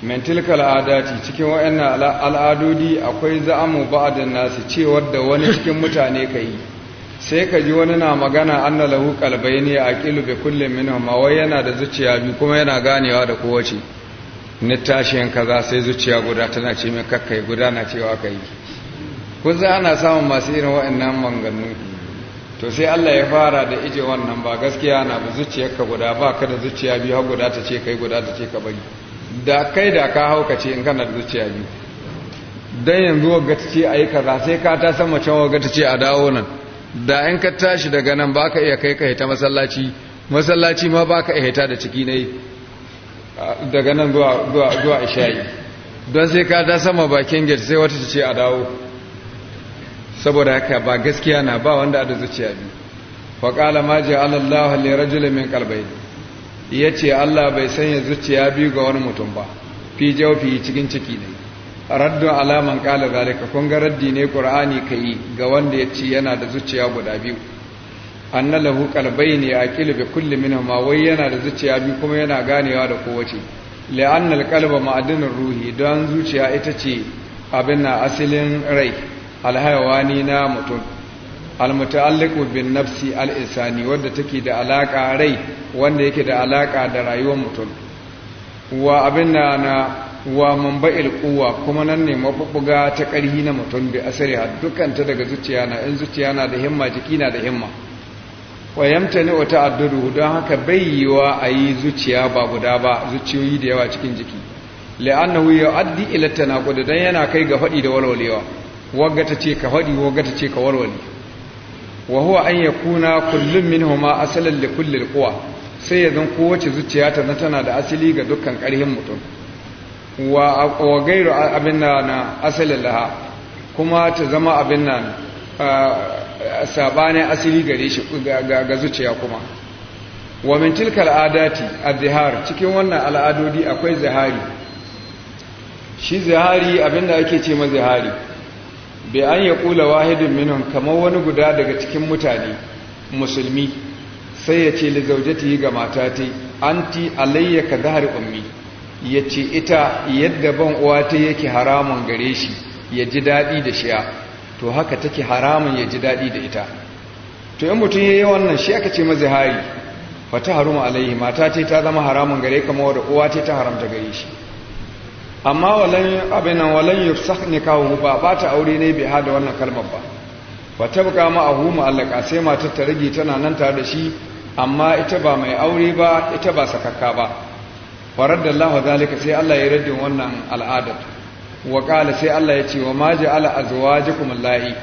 min tilka al'adati cikin wayannan al'adodi akwai za'amu ba'dan nasu cewar da wani cikin mutane kai sai ka ji wani na magana anna lahu a aqilu bi kullin minhum wa yana da zuciya bi kuma yana ganewa da kowace ni tashin kaza sai zuciya guda tana ce min kakkai guda na cewa kai kun sai ana samun masu irin waɗannan manganu to sai Allah ya fara da ije wannan ba gaskiya na ba zuciyarka guda ba ka da zuciya biyu har guda ta ce kai guda ta ce ka bari da kai da ka ce in kana da zuciya biyu dan yanzu wagga ta ce ayi kaza sai ka ta san mace wagga ta ce a dawo nan da in ka tashi daga nan baka iya kai ka hita masallaci masallaci ma baka iya hita da ciki ne daga nan zuwa zuwa zuwa isha'i don sai ka ta sama bakin gate sai wata ta ce a dawo saboda haka ba gaskiya na ba wanda da zuciya biyu fa qala ma ja'ala Allah li rajulun min ya ce Allah bai sanya zuciya biyu ga wani mutum ba fi yi cikin ciki ne raddun alaman ƙala zalika kun ga raddi ne ka yi ga wanda ya ce yana da zuciya guda biyu anna lahu ne a bi kulli ma wai yana da zuciya biyu kuma yana ganewa da kowace la'annal kalba ma'adinan ruhi don zuciya ita ce abin na asalin rai alhayawani na mutum almuta'alliqu bin nafsi al-insani wanda take da alaka rai wanda yake da alaka da rayuwar mutum wa abin na na wa mamba'il quwwa kuma nan ne mabubuga ta ƙarhi na mutum bi asari dukkan ta daga zuciya na in zuciya na da himma jiki na da himma wa yamtani wa ta'addudu don haka bayyiwa ayi zuciya ba guda ba zuciyoyi da yawa cikin jiki la'annahu yu'addi ila tanaqud dan yana kai ga fadi da walwalewa wagga ce ka faɗi wagga ce ka warware wa huwa an yakuna kullum minhuma asalan li kulli alquwa sai ya kowace zuciya ta tana da asali ga dukkan ƙarhin mutum wa wa gairu abin na asalin laha kuma ta zama abin nan sabanin asali gare shi ga zuciya kuma wa min tilka al'adati az-zihar cikin wannan al'adodi akwai zihari shi zihari abinda ake ce ma zihari bai an ya kula wahidin minhum kamar wani guda daga cikin mutane musulmi sai ya ce yi ga mata ta anti alayya ka zahar ummi ya ce ita yadda ban uwa ta yake haramun gare shi ya ji daɗi da shiya to haka take haramun ya ji daɗi da ita to in mutum ya yi wannan shi aka ce mazihari fata haruma alaihi mata ce ta zama haramun gare kama wadda uwa ce ta haramta gare shi amma walan abin nan walan yufsah nikahu ba ba ta aure ne bai hada wannan kalmar ba wa tabqa ma ahu mu'allaka sai matar ta rage tana nan tare da shi amma ita ba mai aure ba ita ba sakakka ba faradda Allah zalika sai Allah ya raddin wannan al'adar wa qala sai Allah ya ce wa ma ja'ala azwajakum allahi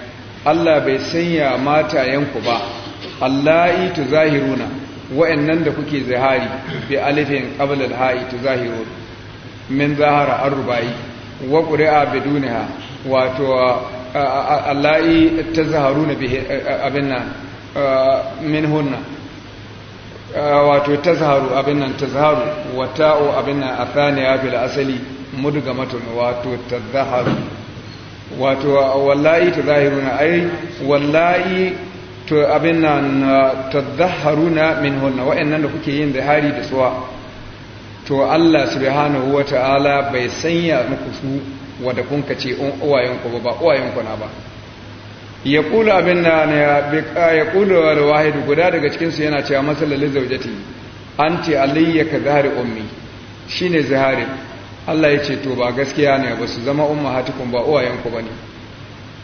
Allah bai sanya yanku ba allahi tuzahiruna wa'annan da kuke zahari bi alifin qabla al-ha'i tuzahiruna min zahara arba'i wa qur'a bidunha wato allahi tazaharuna bihi abin min hunna wato tazharu abin nan tazharu wa ta'u abin nan athaniya bil asali mudgamatun wato tazaharu wato wallahi tazahiruna ai wallahi to abin nan min hunna wa'annan da kuke yin zahari da suwa to Allah subhanahu wa ta'ala bai sanya muku su wadda kun ce uwayenku ba ba uwayenku na ba ya kula abin da ya kula wa wahidu guda daga cikin su yana cewa matsalalin zaujati an ce aliyya ka zahari ummi shine ne zahari Allah ya ce to ba gaskiya ne ba su zama umma hatikun ba uwayenku ba ne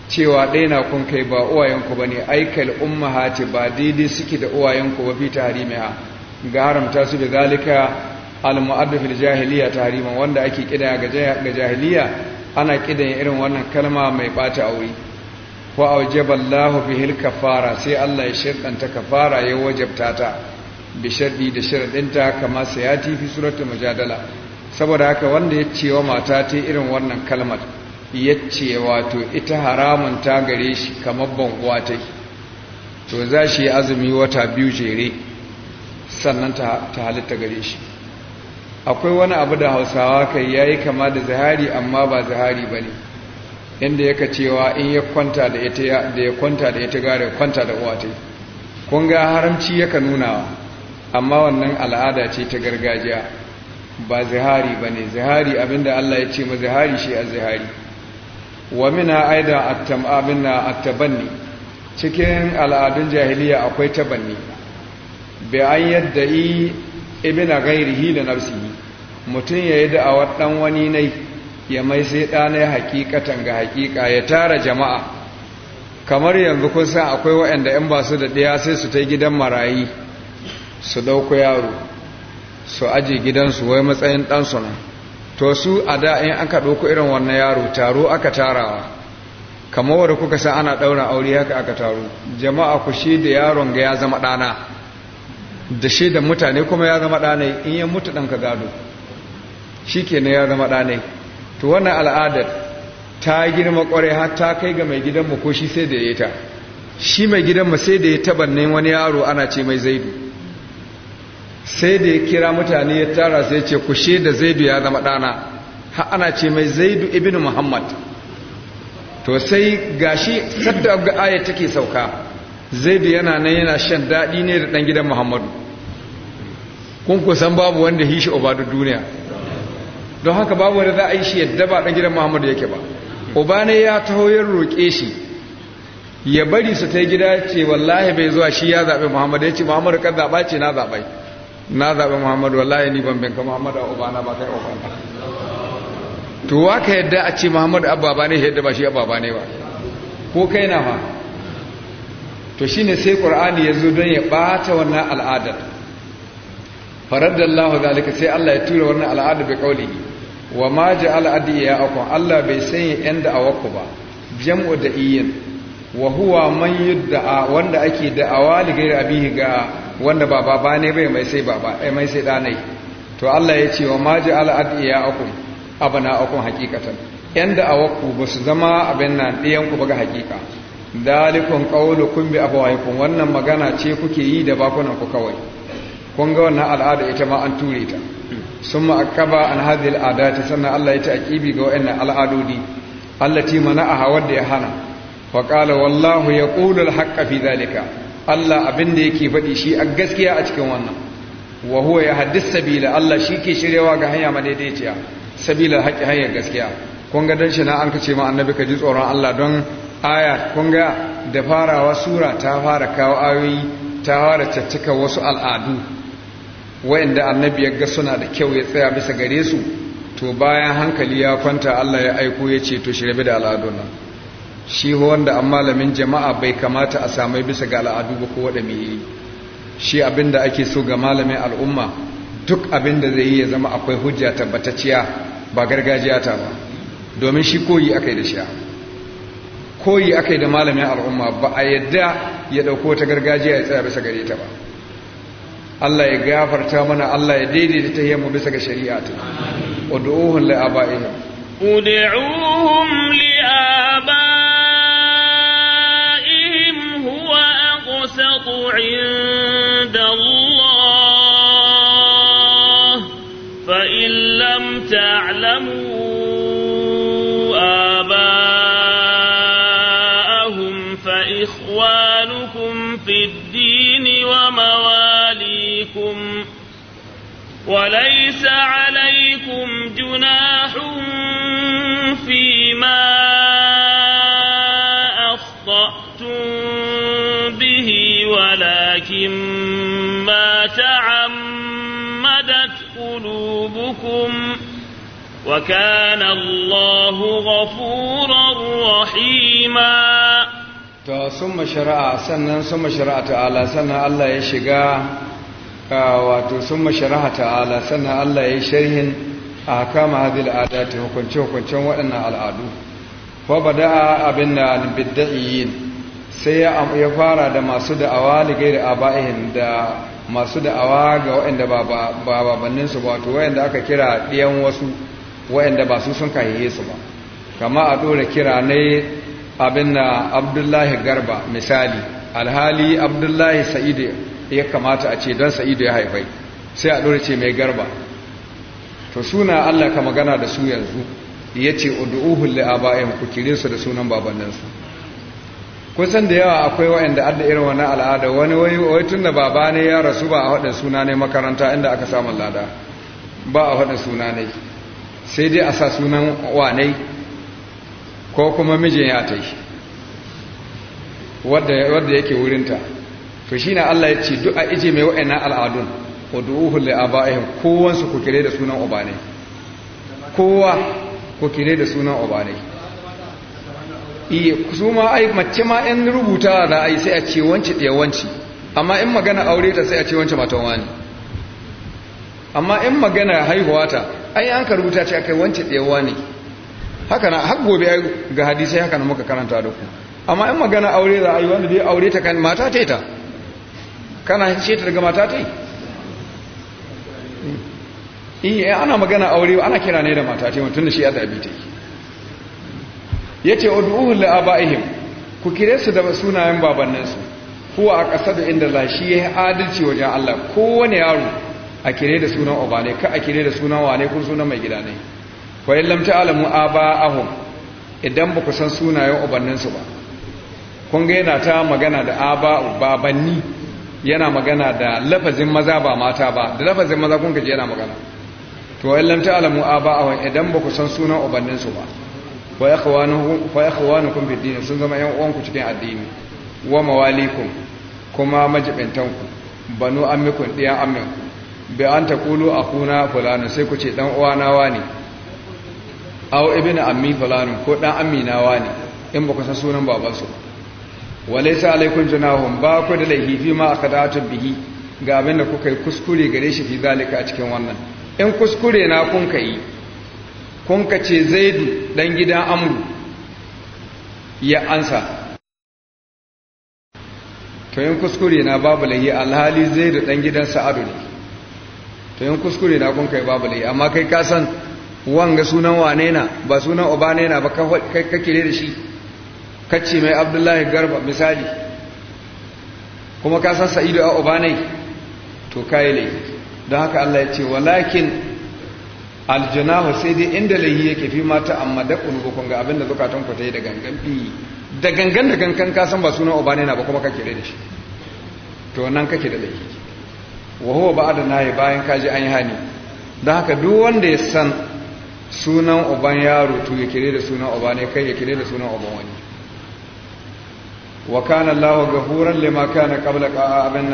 cewa ɗaya na kun kai ba uwayenku ba ne aikal umma ba daidai suke da uwayenku ba fi ta ga haramta su da zalika al-mu'addu al jahiliya tahriman wanda ake kidaya ga jahiliya ana kida irin wannan kalma mai bata aure Ko awjaba Allah bihi al-kafara sai Allah ya shirkanta kafara ya wajabta ta bi shardi da sharadinta kamar sayati fi suratul mujadala saboda haka wanda ya ce wa mata ta irin wannan kalmar ya ce wato ita haramun ta gare shi kamar banguwa ta to za shi azumi wata biyu jere sannan ta halitta gare shi akwai wani abu da hausawa kai ya yi kama da zahari amma ba zahari ba ne inda yaka cewa in ya kwanta da ita da ya kwanta da ita gare kwanta da uwa ta kun ga haramci yaka nunawa amma wannan al'ada ce ta gargajiya ba zahari ba ne zahari abinda Allah ya ce ma zahari shi a zahari wa mina aida attam abinna attabanni cikin al'adun jahiliya akwai tabanni bi an yadda ibina gairihi da nafsihi mutum ya yi da'awar ɗan wani nai ya mai sai ɗanai hakikatan ga hakika ya tara jama'a kamar yanzu kun san akwai waɗanda 'yan su da ɗaya sai su ta gidan marayi su ɗauko yaro su aji gidansu wai matsayin ɗansu nan to su a da in aka ɗauko irin wannan yaro taro aka tarawa kamar wadda kuka san ana ɗaura aure haka aka taro jama'a ku shi da yaron ga ya zama ɗana da shi da mutane kuma ya zama ɗana in ya mutu ɗan ka gado shi kenan ya zama ɗanai to wannan al'adar ta girma ƙwarai har kai ga mai gidanmu ko shi sai da ya ta shi mai gidanmu sai da ya tabanne wani yaro ana ce mai zaidu sai da ya kira mutane ya tara sai ce ku da zaidu ya zama ɗana har ana ce mai zaidu ibn muhammad to sai gashi sadda ga aya take sauka zaidu yana nan yana shan daɗi ne da ɗan gidan muhammadu kun kusan babu wanda hishi obadu duniya don haka babu wani za a yi shi yadda ba ɗan gidan muhammadu yake ba uba ya taho ya roƙe shi ya bari su ta gida ce wallahi bai zuwa shi ya zaɓe muhammadu ya ce muhammadu kan zaɓa ce na zaɓai na zaɓe muhammadu wallahi ni ban binka muhammadu a obana ba kai obana to wa ka yadda a ce muhammadu abba ba ne yadda ba shi abba ba ne ba ko kai na ma to shine sai qur'ani ya zo don ya ɓata wannan al'adar Allah zalika sai Allah ya tura wannan al'adar bi qaulihi wa ma ya adiyakum Allah bai sanya yan da'awarku ba jam'u da'iyin wa huwa man da'a wanda ake da'awa li ghairi abihi ga wanda ba ba ne bai mai sai baba nai. Eh, mai sai to Allah ya ce wa ma ja'ala adiyakum abana'akum hakikatan. yan ku ba su zama abin nan ɗiyan ku ba ga haqiqa dalikun kun bi abawaykum wannan magana ce kuke yi da bakunan ku kawai kun ga wannan al'ada ita ma an ture ta sun ma'akaba an al'ada ta sannan Allah ya ta'kibi ga wayannan al'adodi a hawar da ya hana wa qala wallahu ya al-haqqa fi dhalika Allah abin da yake faɗi shi a gaskiya a cikin wannan wa huwa sabila Allah shi ke shirewa ga hanya madaidaiciya sabila haƙi hanyar gaskiya kun ga dan shi na an kace ma annabi ka ji tsoron Allah don aya kun ga da farawa sura ta fara kawo ayoyi ta fara caccaka wasu al'adu waɗanda annabi ya ga suna da kyau ya tsaya bisa gare su to bayan hankali ya kwanta Allah ya aiko ya ce to shirbe da al'adun nan shi wanda an malamin jama'a bai kamata a samai bisa ga al'adu ba ko wanda mai shi abinda ake so ga malamin al'umma duk abinda zai yi ya zama akwai hujja tabbatacciya ba gargajiya ta ba domin shi koyi akai da shi koyi akai da malamin al'umma ba a yadda ya dauko ta gargajiya ya tsaya bisa gare ta ba Allah ya gafarta mana Allah ya daidaita ta yamma bisa ga shari'a ta ud'uhum li aba'ihim ud'uhum li aba'ihim huwa aqsatu 'inda Allah fa in lam ta'lamu آباءهم فإخوانكم في الدين ومواليكم وليس عليكم جناح فيما أخطأتم به ولكن ما تعمدت قلوبكم وكان الله غفورا رحيما ثم شرع سنة ثم شرع تعالى سنة الله يشقى wato sun masharaha ta'ala sannan Allah ya yi sharhin a kama hadil adati hukunce-hukuncen waɗannan al'adu ko ba da abin da iyin sai ya fara da masu da'awa ligai da aba'ihin da masu da awa ga waɗanda ba babanninsu ba to waɗanda aka kira ɗiyan wasu waɗanda ba su sun kahiye su ba kama a ɗora kira ne abin da abdullahi garba misali alhali abdullahi sa'idu ya kamata a ce don sa'idu ya haifai sai a ɗora ce mai garba to suna Allah ka magana da su yanzu ya ce udu'uhun li'aba'in ku kire su da sunan babanninsu kusan da yawa akwai waɗanda adda irin wani al'ada wani wai tun da baba ne ya rasu ba a haɗin suna ne makaranta inda aka samun lada ba a haɗin suna ne sai dai a sa sunan wane ko kuma mijin ya ta yi wadda yake wurinta to shi na Allah ya ce duk a ije mai wa'ina al'adun udu'uhu li aba'ihim kowan kowansu ku kire da sunan uba ne kowa ku kire da sunan uba ne iya su ma ai mace ma yan rubuta da ai sai a ce wance ɗaya wance amma in magana aure ta sai a ce wance matan wani amma in magana haihuwa ta ai an ka rubuta ce yi wance ɗaya wani haka na har gobe ga hadisai haka na muka karanta da ku amma in magana aure za a yi wanda dai aure ta kan mata ta kana ce ta daga mata ta yi iya eh, eh, ana magana aure ana kira ne da mata ta yi mutum da shi ya zaɓi ta yi ya ce odu'uhun la'aba'ihim ku kire su da sunayen babanninsu kuwa a ƙasa da inda la shi ya adalci wajen Allah kowane yaro a kire da sunan oba ne ka a kire da sunan wane kun sunan mai gida ne wa in a a aba'ahum idan ba ku san sunayen obanninsu ba kun ga yana ta magana da aba'u babanni yana magana da lafazin maza ba mata ba da lafazin maza kun kaje yana magana to wa lam ta'lamu aba'ahum idan ba ku san sunan ubannin su ba wa ikhwanuhum fa ikhwanukum fi din sun zama yan uwanku cikin addini wa mawalikum kuma majibintanku banu amikun diyan aminku bi an taqulu akuna fulanu sai ku ce dan uwana wani aw ibnu ammi fulanu ko dan amina wani in ba ku san sunan babansu ba sa alaikun junahum ba ku da laifi fi ma akadatu bihi ga abin da kuka yi kuskure gare shi fi zalika a cikin wannan in kuskure na kun ka yi kun ka ce zaidu dan gidan amru ya ansa to yin kuskure na babu laifi alhali zaidu dan gidan sa'adu ne to yin kuskure na kun ka yi babu laifi amma kai ka san wanga sunan wane na ba sunan uba ne na ba kai kire da shi kacce mai abdullahi garba misali kuma ka san sa'idu a ubanai to kayi laifi don haka Allah ya ce walakin aljanahu sai dai inda laifi yake fi mata amma da kunubukun ga abinda zukatan ku ta yi da gangan fi da gangan da gangan ka san ba sunan ubanai na ba kuma kake da shi to nan kake da laifi wa huwa ba'da nahi bayan kaji an yi hani don haka duk wanda ya san sunan uban yaro to ya kire da sunan uba ne kai ya kire da sunan uban wani wa kana Allahu ghafuran lima kana qabla abin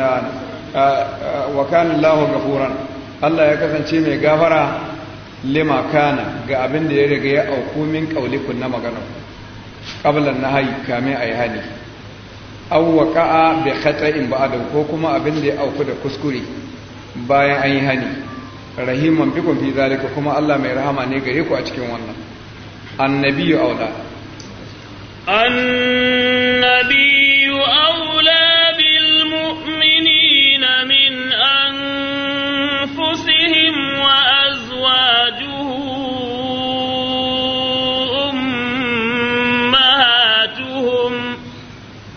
Allah ya kasance mai gafara lima ga abin da ya riga ya auku min qaulikum na magana qabla nahyi kame ayi hali aw waqa'a bi da ba'da ko kuma abin da ya auku da kuskure bayan an yi hani rahiman bikum fi zalika kuma Allah mai rahama ne gare ku a cikin wannan annabiyyu aula النبي أولى بالمؤمنين من أنفسهم وأزواجه أمهاتهم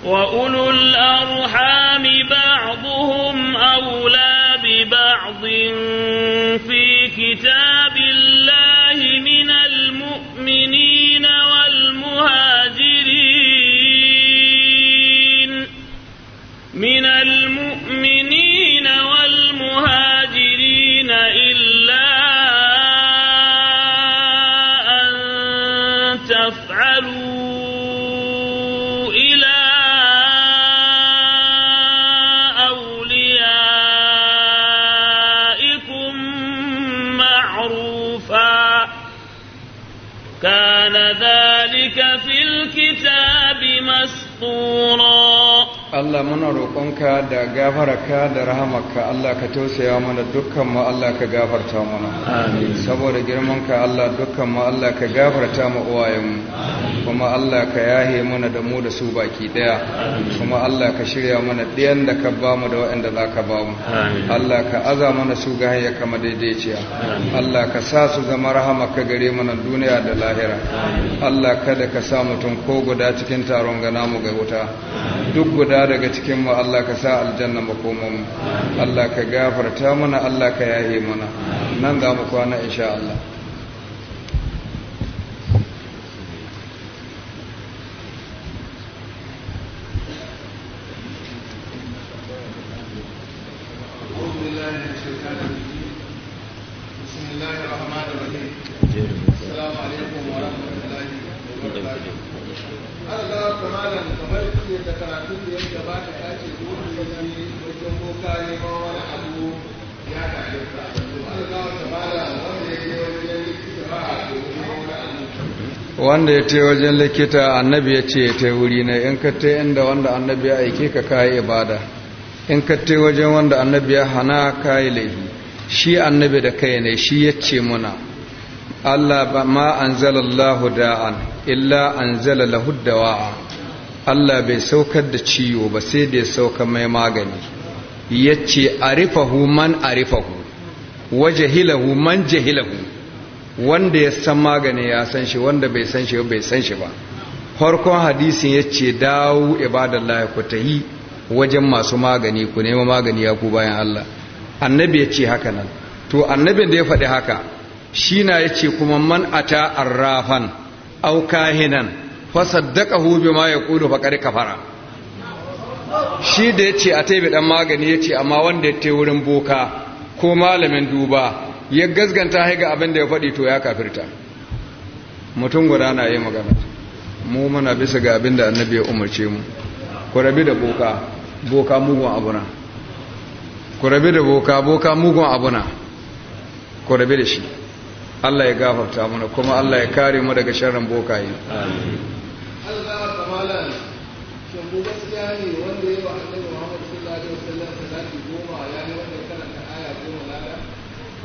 وأولو الأرحام بعضهم أولى ببعض في كتاب الله من المؤمنين كان ذلك في الكتاب مسطورا Allah muna roƙonka da gafaraka da rahamaka Allah ka tausaya mana dukkan mu Allah ka gafarta mana saboda girmanka Allah dukkan mu Allah ka gafarta mu uwayenmu kuma Allah ka yahe mana da mu da su baki daya kuma Allah ka shirya mana ɗiyan da ka bamu da waɗanda za ka bamu Allah ka aza mana su ga hanyar kama daidaiciya Allah ka sa su zama rahamaka gare mana duniya da lahira Allah kada ka sa mutum ko guda cikin taron gana mu ga wuta duk guda daga cikin mu Allah ka sa aljanna mu Allah ka gafarta mana Allah ka yaye mana nan za mu kwana insha Allah wanda ya ce wajen likita annabi ya ce ya te wuri ne in ka te inda wanda annabi ya aike ka kayi ibada in ka wajen wanda annabi ya hana kayi laifi shi annabi da kai ne shi ya ce muna Allah ba ma anzalallahu da'an illa an zala lahu dawa'a Allah bai saukar da ciwo ba sai da ya sauka mai magani Ya ce a rufahu man a wa jahilahu man jahilahu wanda ya san magani ya san shi wanda bai san shi ba bai san shi ba farkon hadisin ya ce dawo ibadallahi ku tahi wajen masu magani ku nema magani ya ku bayan Allah annabi ya ce haka nan to annabin da ya faɗi haka shi na ya ce kuma man ata arrafan au kahinan ya bima yaqulu ka kafara shi da ya ce a taibi dan magani ya ce amma wanda ya te wurin boka ko malamin duba ya gasganta haiga abin da ya faɗi to ya kafirta mutum guda na yi magana mu muna bisa ga abin da annabi ya umarce mu ku rabi da boka boka mugun abuna ku rabi da boka boka mugun abuna ku rabi da shi Allah ya gafarta mana kuma Allah ya kare mu daga sharrin bokaye amin Allah ya wanda ya ba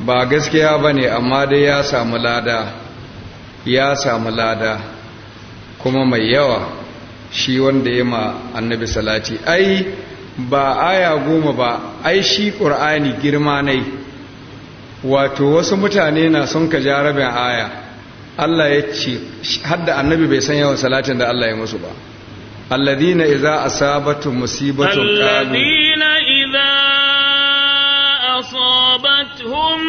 ba gaskiya ba ne amma dai ya samu lada ya samu lada kuma mai yawa shi wanda ya ma annabi salati ai ba aya goma ba ai shi ƙur'ani girma nai wato wasu mutane na son ka jarabin aya Allah ya ce hadda annabi bai san yawan salatin da Allah ya musu ba alladhina idza asabatu musibatu qalu alladhina idza أصابتهم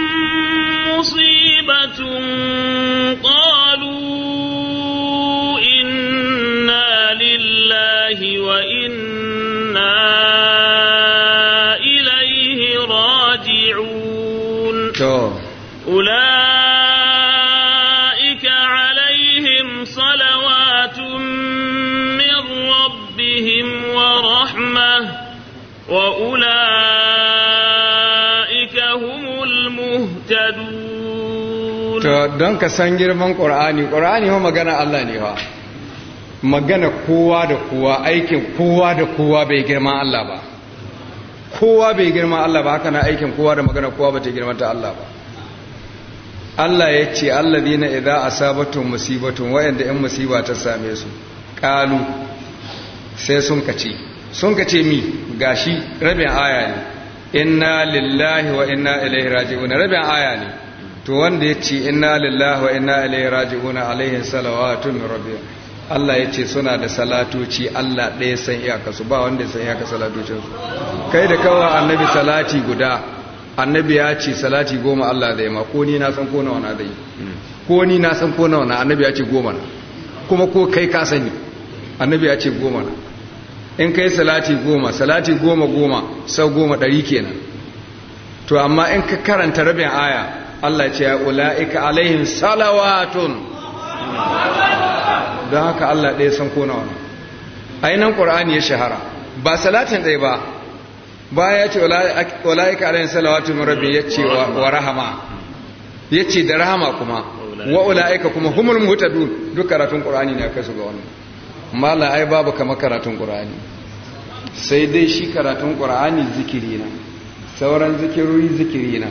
مصيبة قالوا إنا لله وإنا إليه راجعون أولئك عليهم صلوات من ربهم ورحمة وأولئك don ka san girman ƙorani ƙorani ma magana Allah ne ba magana kowa da kowa aikin kowa da kowa bai girma Allah ba kowa bai girma Allah ba haka na aikin kowa da magana kowa ba ta girma ta Allah ba Allah ya ce idan a asabatun musibatun wayanda in musiba ta same su Kalu sai sun kace sun kace mi gashi rabin aya ne inna lillahi wa inna ilaihi raji'un rabin aya ne to wanda ya ce inna lillahi wa inna ilaihi raji'una alaihi salawatu rabbi Allah ya ce suna da salatoci Allah ɗaya san iyaka su ba wanda ya san iyaka salatocin su kai da kawai annabi salati guda annabi ya ce salati goma Allah zai ma ko ni na san ko nawa na zai ko ni na san ko nawa na annabi ya ce goma na kuma ko kai ka sani annabi ya ce goma na in kai salati goma salati goma goma sau goma ɗari kenan to amma in ka karanta rabin aya Allah ce ya ula'ika alaihin salawatun don haka Allah ɗaya san kona wani ainihin ƙorani ya shahara ba salatin ɗaya ba Ba ya ce ula'ika alaihin salawatun rabin ya ce wa rahama ya ce da rahama kuma wa ula'ika kuma humul dun duk karatun ƙorani ne kai su ga wani. mala ai babu kama karatun ƙorani sai dai shi karatun ƙorani zikiri na sauran zikirori zikiri na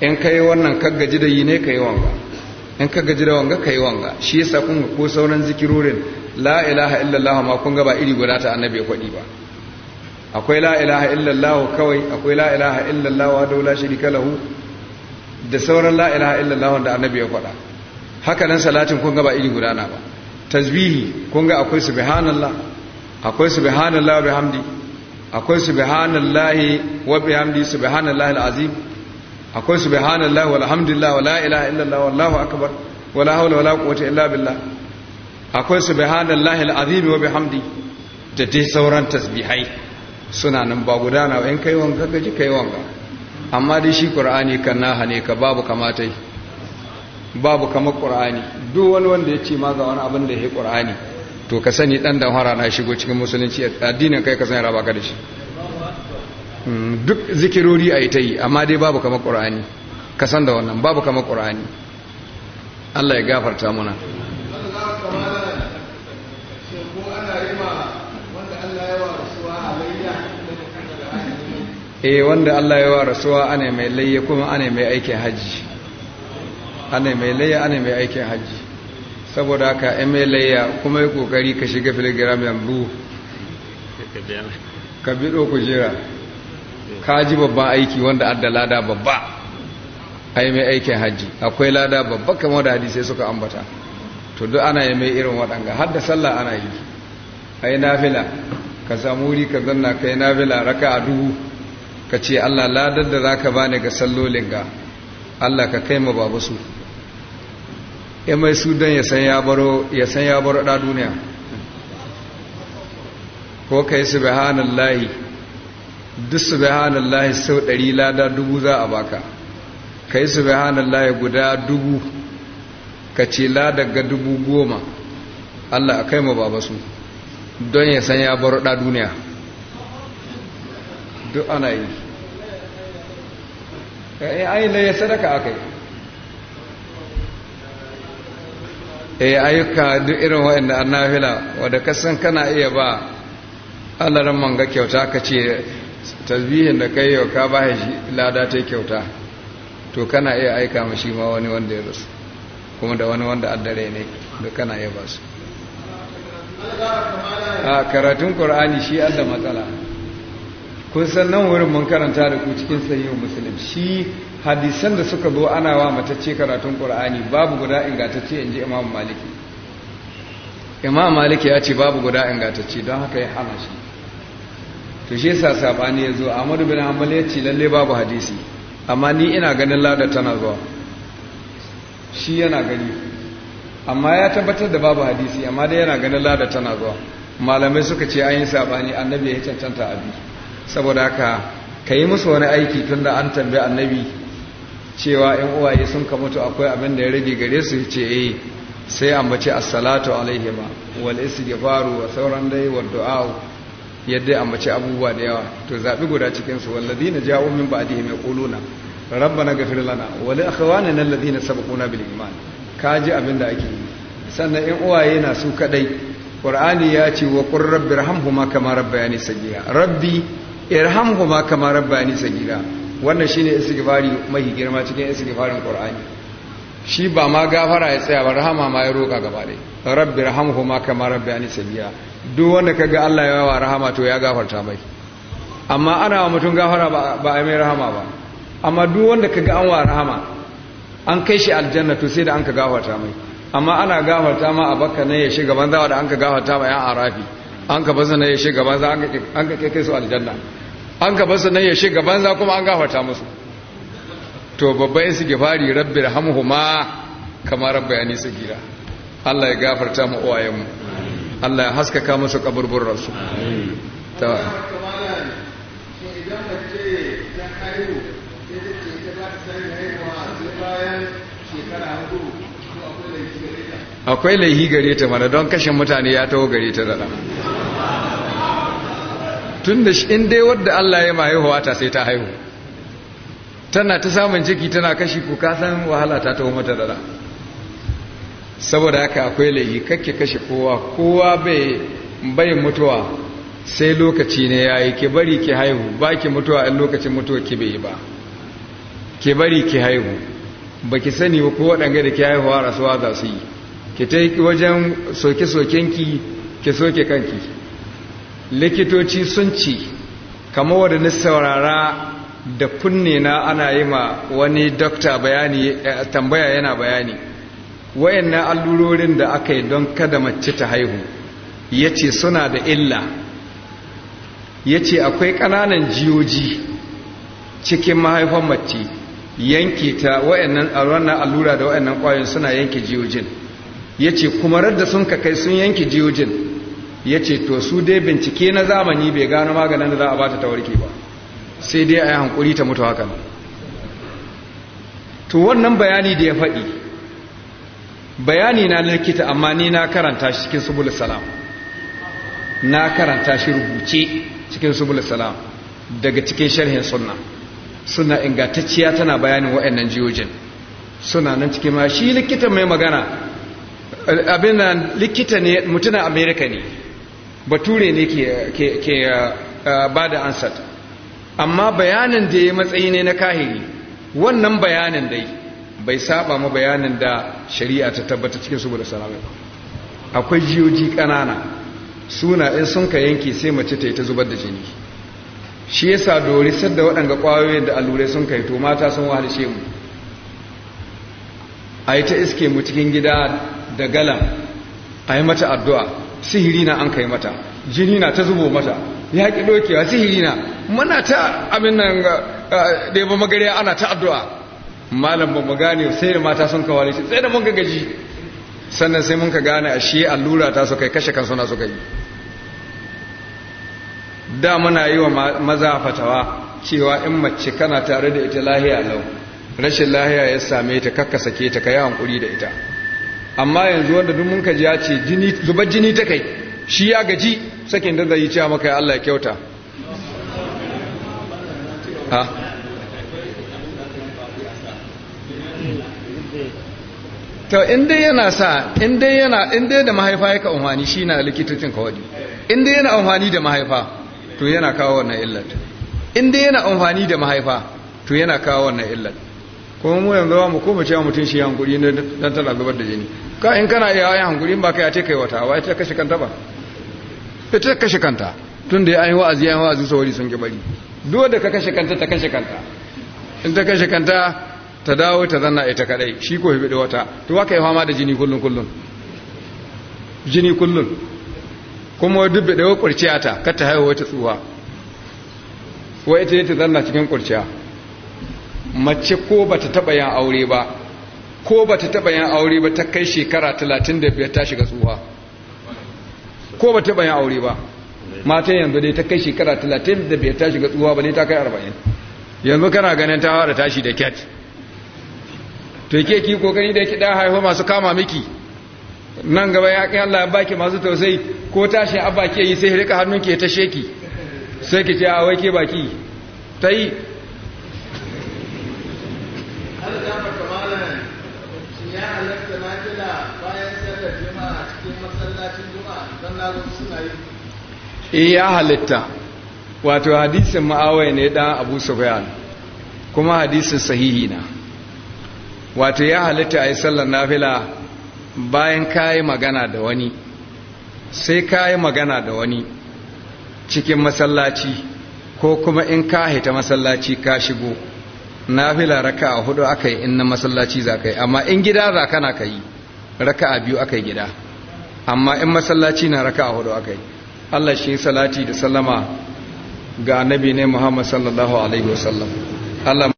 in ka yi wannan kaggaji da yi ne ka yi wanga in kaggaji da wanga ka yi wanga shi yasa kun ko sauran zikirorin la ilaha illallah ma kun ga ba iri guda ta annabi kwadi ba akwai la ilaha illallah kawai akwai la ilaha illallah wa daula shirika lahu da sauran la ilaha illallah da annabi ya kwada haka nan salatin kun ga ba iri guda na ba tasbihi kun ga akwai subhanallah akwai subhanallah bihamdi akwai subhanallahi wa bihamdi subhanallahi alazim akwai subhanallahi walhamdulillah wala ilaha illallah wallahu akbar wala hawla wala quwwata illa billah akwai subhanallahi alazim wa bihamdi da dai sauran tasbihai suna nan ba gudana in kai wanka gaji kai wanka amma dai shi qur'ani kan naha ne ka babu kamata babu kamar qur'ani duk wani wanda ya ce ma ga wani abin da ya yi qur'ani to ka sani dan dan na shigo cikin musulunci addinin kai ka sani raba ka da shi duk zikirori a ita yi amma dai babu kama ƙorani ka san da wannan babu kama ƙorani Allah ya gafarta muna e wanda Allah ya wa rasuwa ana mai layya kuma ana mai aikin hajji ana mai layya ana mai aikin hajji saboda haka yi mai layya kuma yi kokari ka shiga filigiram yanzu ka biɗo kujera ka ji babban aiki wanda adda lada babba ai mai aikin hajji akwai lada babba kamar da hadisai suka ambata to duk ana yi mai irin waɗanga har da sallah ana yi ai nafila ka samu wuri ka zanna kai nafila raka a duhu ka ce Allah ladar da zaka bani ga sallolin ga Allah ka kai ma babu su ya mai su don ya san ya baro ɗa duniya ko ka yi lahi. duk su bihanallahi sau ɗari lada dubu za a baka ka yi su bihanallahi guda dubu ka ce lada ga dubu goma Allah a kai ma baba su don ya san ya baro ɗa duniya duk ana yi eh, ayi na ya sadaka aka yi eh ayyuka duk irin waɗanda annafila wadda kasan kana iya ba Allah ran manga kyauta ka ce tasbihin da kai yau ka ba shi lada ta kyauta to kana iya aika ma shi ma wani wanda ya rasu kuma da wani wanda addare ne da kana iya ba su a karatun ƙorani shi da matsala kun san nan wurin mun karanta da ku cikin sahihu musulun shi hadisan da suka zo ana wa matacce karatun ƙorani babu guda ingantacce in ji imam maliki imam maliki ya ce babu guda ingantacce don haka ya hana shi to shi sa sabani yazo amadu bin Hanbal ya ce lalle babu hadisi amma ni ina ganin lada tana zuwa shi yana gani amma ya tabbatar da babu hadisi amma dai yana ganin lada tana zuwa malamai suka ce ayin sabani annabi ya cancanta abi saboda haka yi musu wani aiki tun da an tambayi annabi cewa ‘yan uwaye sun ka akwai abin da ya rage gare su ce eh sai an bace assalatu alaihima wal istighfaru wa sauran dai wa du'a'u yadda mace abubuwa da yawa to zabi guda cikin su walladina jawo min ba'dihim yaquluna rabbana gafir lana wa li akhwanina alladhina sabaquna bil iman kaji abinda ake yi sannan in uwaye na su kadai qur'ani ya ce wa qur rabbi irhamhuma kama rabbayani sagira rabbi irhamhuma kama rabbayani sagira wannan shine istighfari mai girma cikin istighfarin qur'ani shi ba ma gafara ya tsaya ba rahama ma ya roƙa gaba dai rabbi rahamhuma kama ya ni sabiya duk wanda ka ga Allah ya yawa rahama to ya gafarta mai amma ana wa mutum gafara ba a mai rahama ba amma duk wanda ka ga an wa rahama an kai shi aljanna to sai da an ka gafarta mai amma ana gafarta ma a baka ne ya shiga banza da an ka gafarta ma yan arafi an ka basa ne ya shiga banza an ka kai su aljanna an ka basa ne ya shiga banza kuma an gafarta musu to babba yin su gifari rabbi rahamhuma kamar rabbayani sagira Allah ya gafarta mu uwayenmu Allah ya haskaka musu kaburburarsu ta akwai laihi gare ta mana don kashin mutane ya taho gare ta dada tun da in dai wadda Allah ya mahaihuwa ta sai ta haihu tana ta samun ciki tana kashi kuka san wahala ta taho mata dada saboda haka akwai laihi kake kashe kowa kowa bai bai mutuwa sai lokaci ne yayi ke bari ki haihu ba mutuwa in lokacin mutuwa ki bai ba ke bari ki haihu ba sani ko waɗanga da ki haihuwa rasuwa za su yi ki ta wajen soke-sokenki ki soke kanki likitoci sun ci kama wadda saurara da kunne na ana yi ma wani dokta bayani eh, tambaya yana bayani wayannan allurorin da aka yi don kada mace ta haihu ya ce suna da illa ya ce akwai ƙananan jiyoji cikin mahaifan mace yanke ta wayannan allura da wayannan ƙwayoyin suna yanke jiyojin ya ce kuma radda sun ka kai sun yanke jiyojin ya ce to su dai bincike na zamani bai gano maganin da za a ba ta warke ba sai dai a yi hankuri ta mutu hakan to wannan bayani da ya faɗi bayani na likita amma ni na karanta shi cikin subul salam na karanta shi rubuce cikin subul salam daga cikin sharhin sunna suna ingantacciya tana bayanin waɗannan jiyojin suna nan cikin ma shi likita mai magana abin nan likita ne mutuna amerika ne bature ne ke eh, eh, ba da ansat amma bayanin da ya matsayi ne na kahiri wannan bayanin dai bai saba ma bayanin da shari'a ta tabbata cikin su salamai ba akwai jiyoji ƙanana suna in sun ka yanke sai mace ta yi ta zubar da jini shi yasa dori sadda waɗanga ƙwayoyin da allurai sun kai to mata sun wahalshe mu a yi ta iske mu cikin gida da galan a yi mata addu'a sihiri na an kai mata jini na ta zubo mata ya ƙi ɗokewa sihiri na mana ta abin nan da yaba magariya ana ta addu'a malam ba mu gane sai da mata sun kawale shi sai da mun gaji sannan sai mun ka gane a shi allura ta su kai kashe kansu na su kai. da muna yi wa maza fatawa cewa in mace kana tare da ita lahiya lau rashin lahiya ya same ta kakka sake ta ka yi hankuri da ita amma yanzu wanda duk mun ji ya ce jini zubar jini ta kai shi ya gaji sakin da zai yi cewa maka Allah ya kyauta to in dai yana sa in dai yana in dai da mahaifa yake amfani shi na likitocin kawadi in dai yana amfani da mahaifa to yana kawo wannan illat in dai yana amfani da mahaifa to yana kawo wannan illat kuma mu yanzu mu koma cewa mutum shi hankuri ne dan tana zubar da jini ka in kana iya yin hankuri ba kai a ce kai wata wai ta kashe kanta ba ita kashe kanta tun da ya yi wa'azi ya yi wa'azi saurari sun ki bari da ka kashe kanta ta kashe kanta in ta kashe kanta ta dawo ta zanna ita kadai shi ko hibi wata to waka yi fama da jini kullun kullun jini kullun kuma dubbe da yawa kurciya ta kar ta haihuwa ta tsuwa wai ita ta zanna cikin kurciya mace ko ba ta taba yan aure ba ko ba ta taba yan aure ba ta kai shekara talatin da biyar ta shiga tsuwa ko ta taba yan aure ba mata yanzu dai ta kai shekara talatin da biyar ta shiga tsuwa ba ne ta kai arba'in yanzu kana ganin ta fara tashi da cat to ke ki kokari da ki da haihu masu kama miki nan gaba ya kai Allah ya baki masu tausayi ko tashi a baki yi sai rika hannun ki ta sheki sai ki ce a wai ke baki ta yi ya halitta eh, wato hadisin ma'awai ne dan abu sufyan kuma hadisin sahihi na wato ya halitta a yi sallar nafila bayan ka yi magana da wani sai ka yi magana da wani cikin masallaci ko kuma in ka hita masallaci ka shigo nafila raka a hudu aka yi in na masallaci za ka yi amma in gida za kana ka yi raka a biyu aka yi gida amma in masallaci na raka a hudu aka yi allah shi salati da sallama ga annabi ne muhammad sallallahu alaihi wasallam allah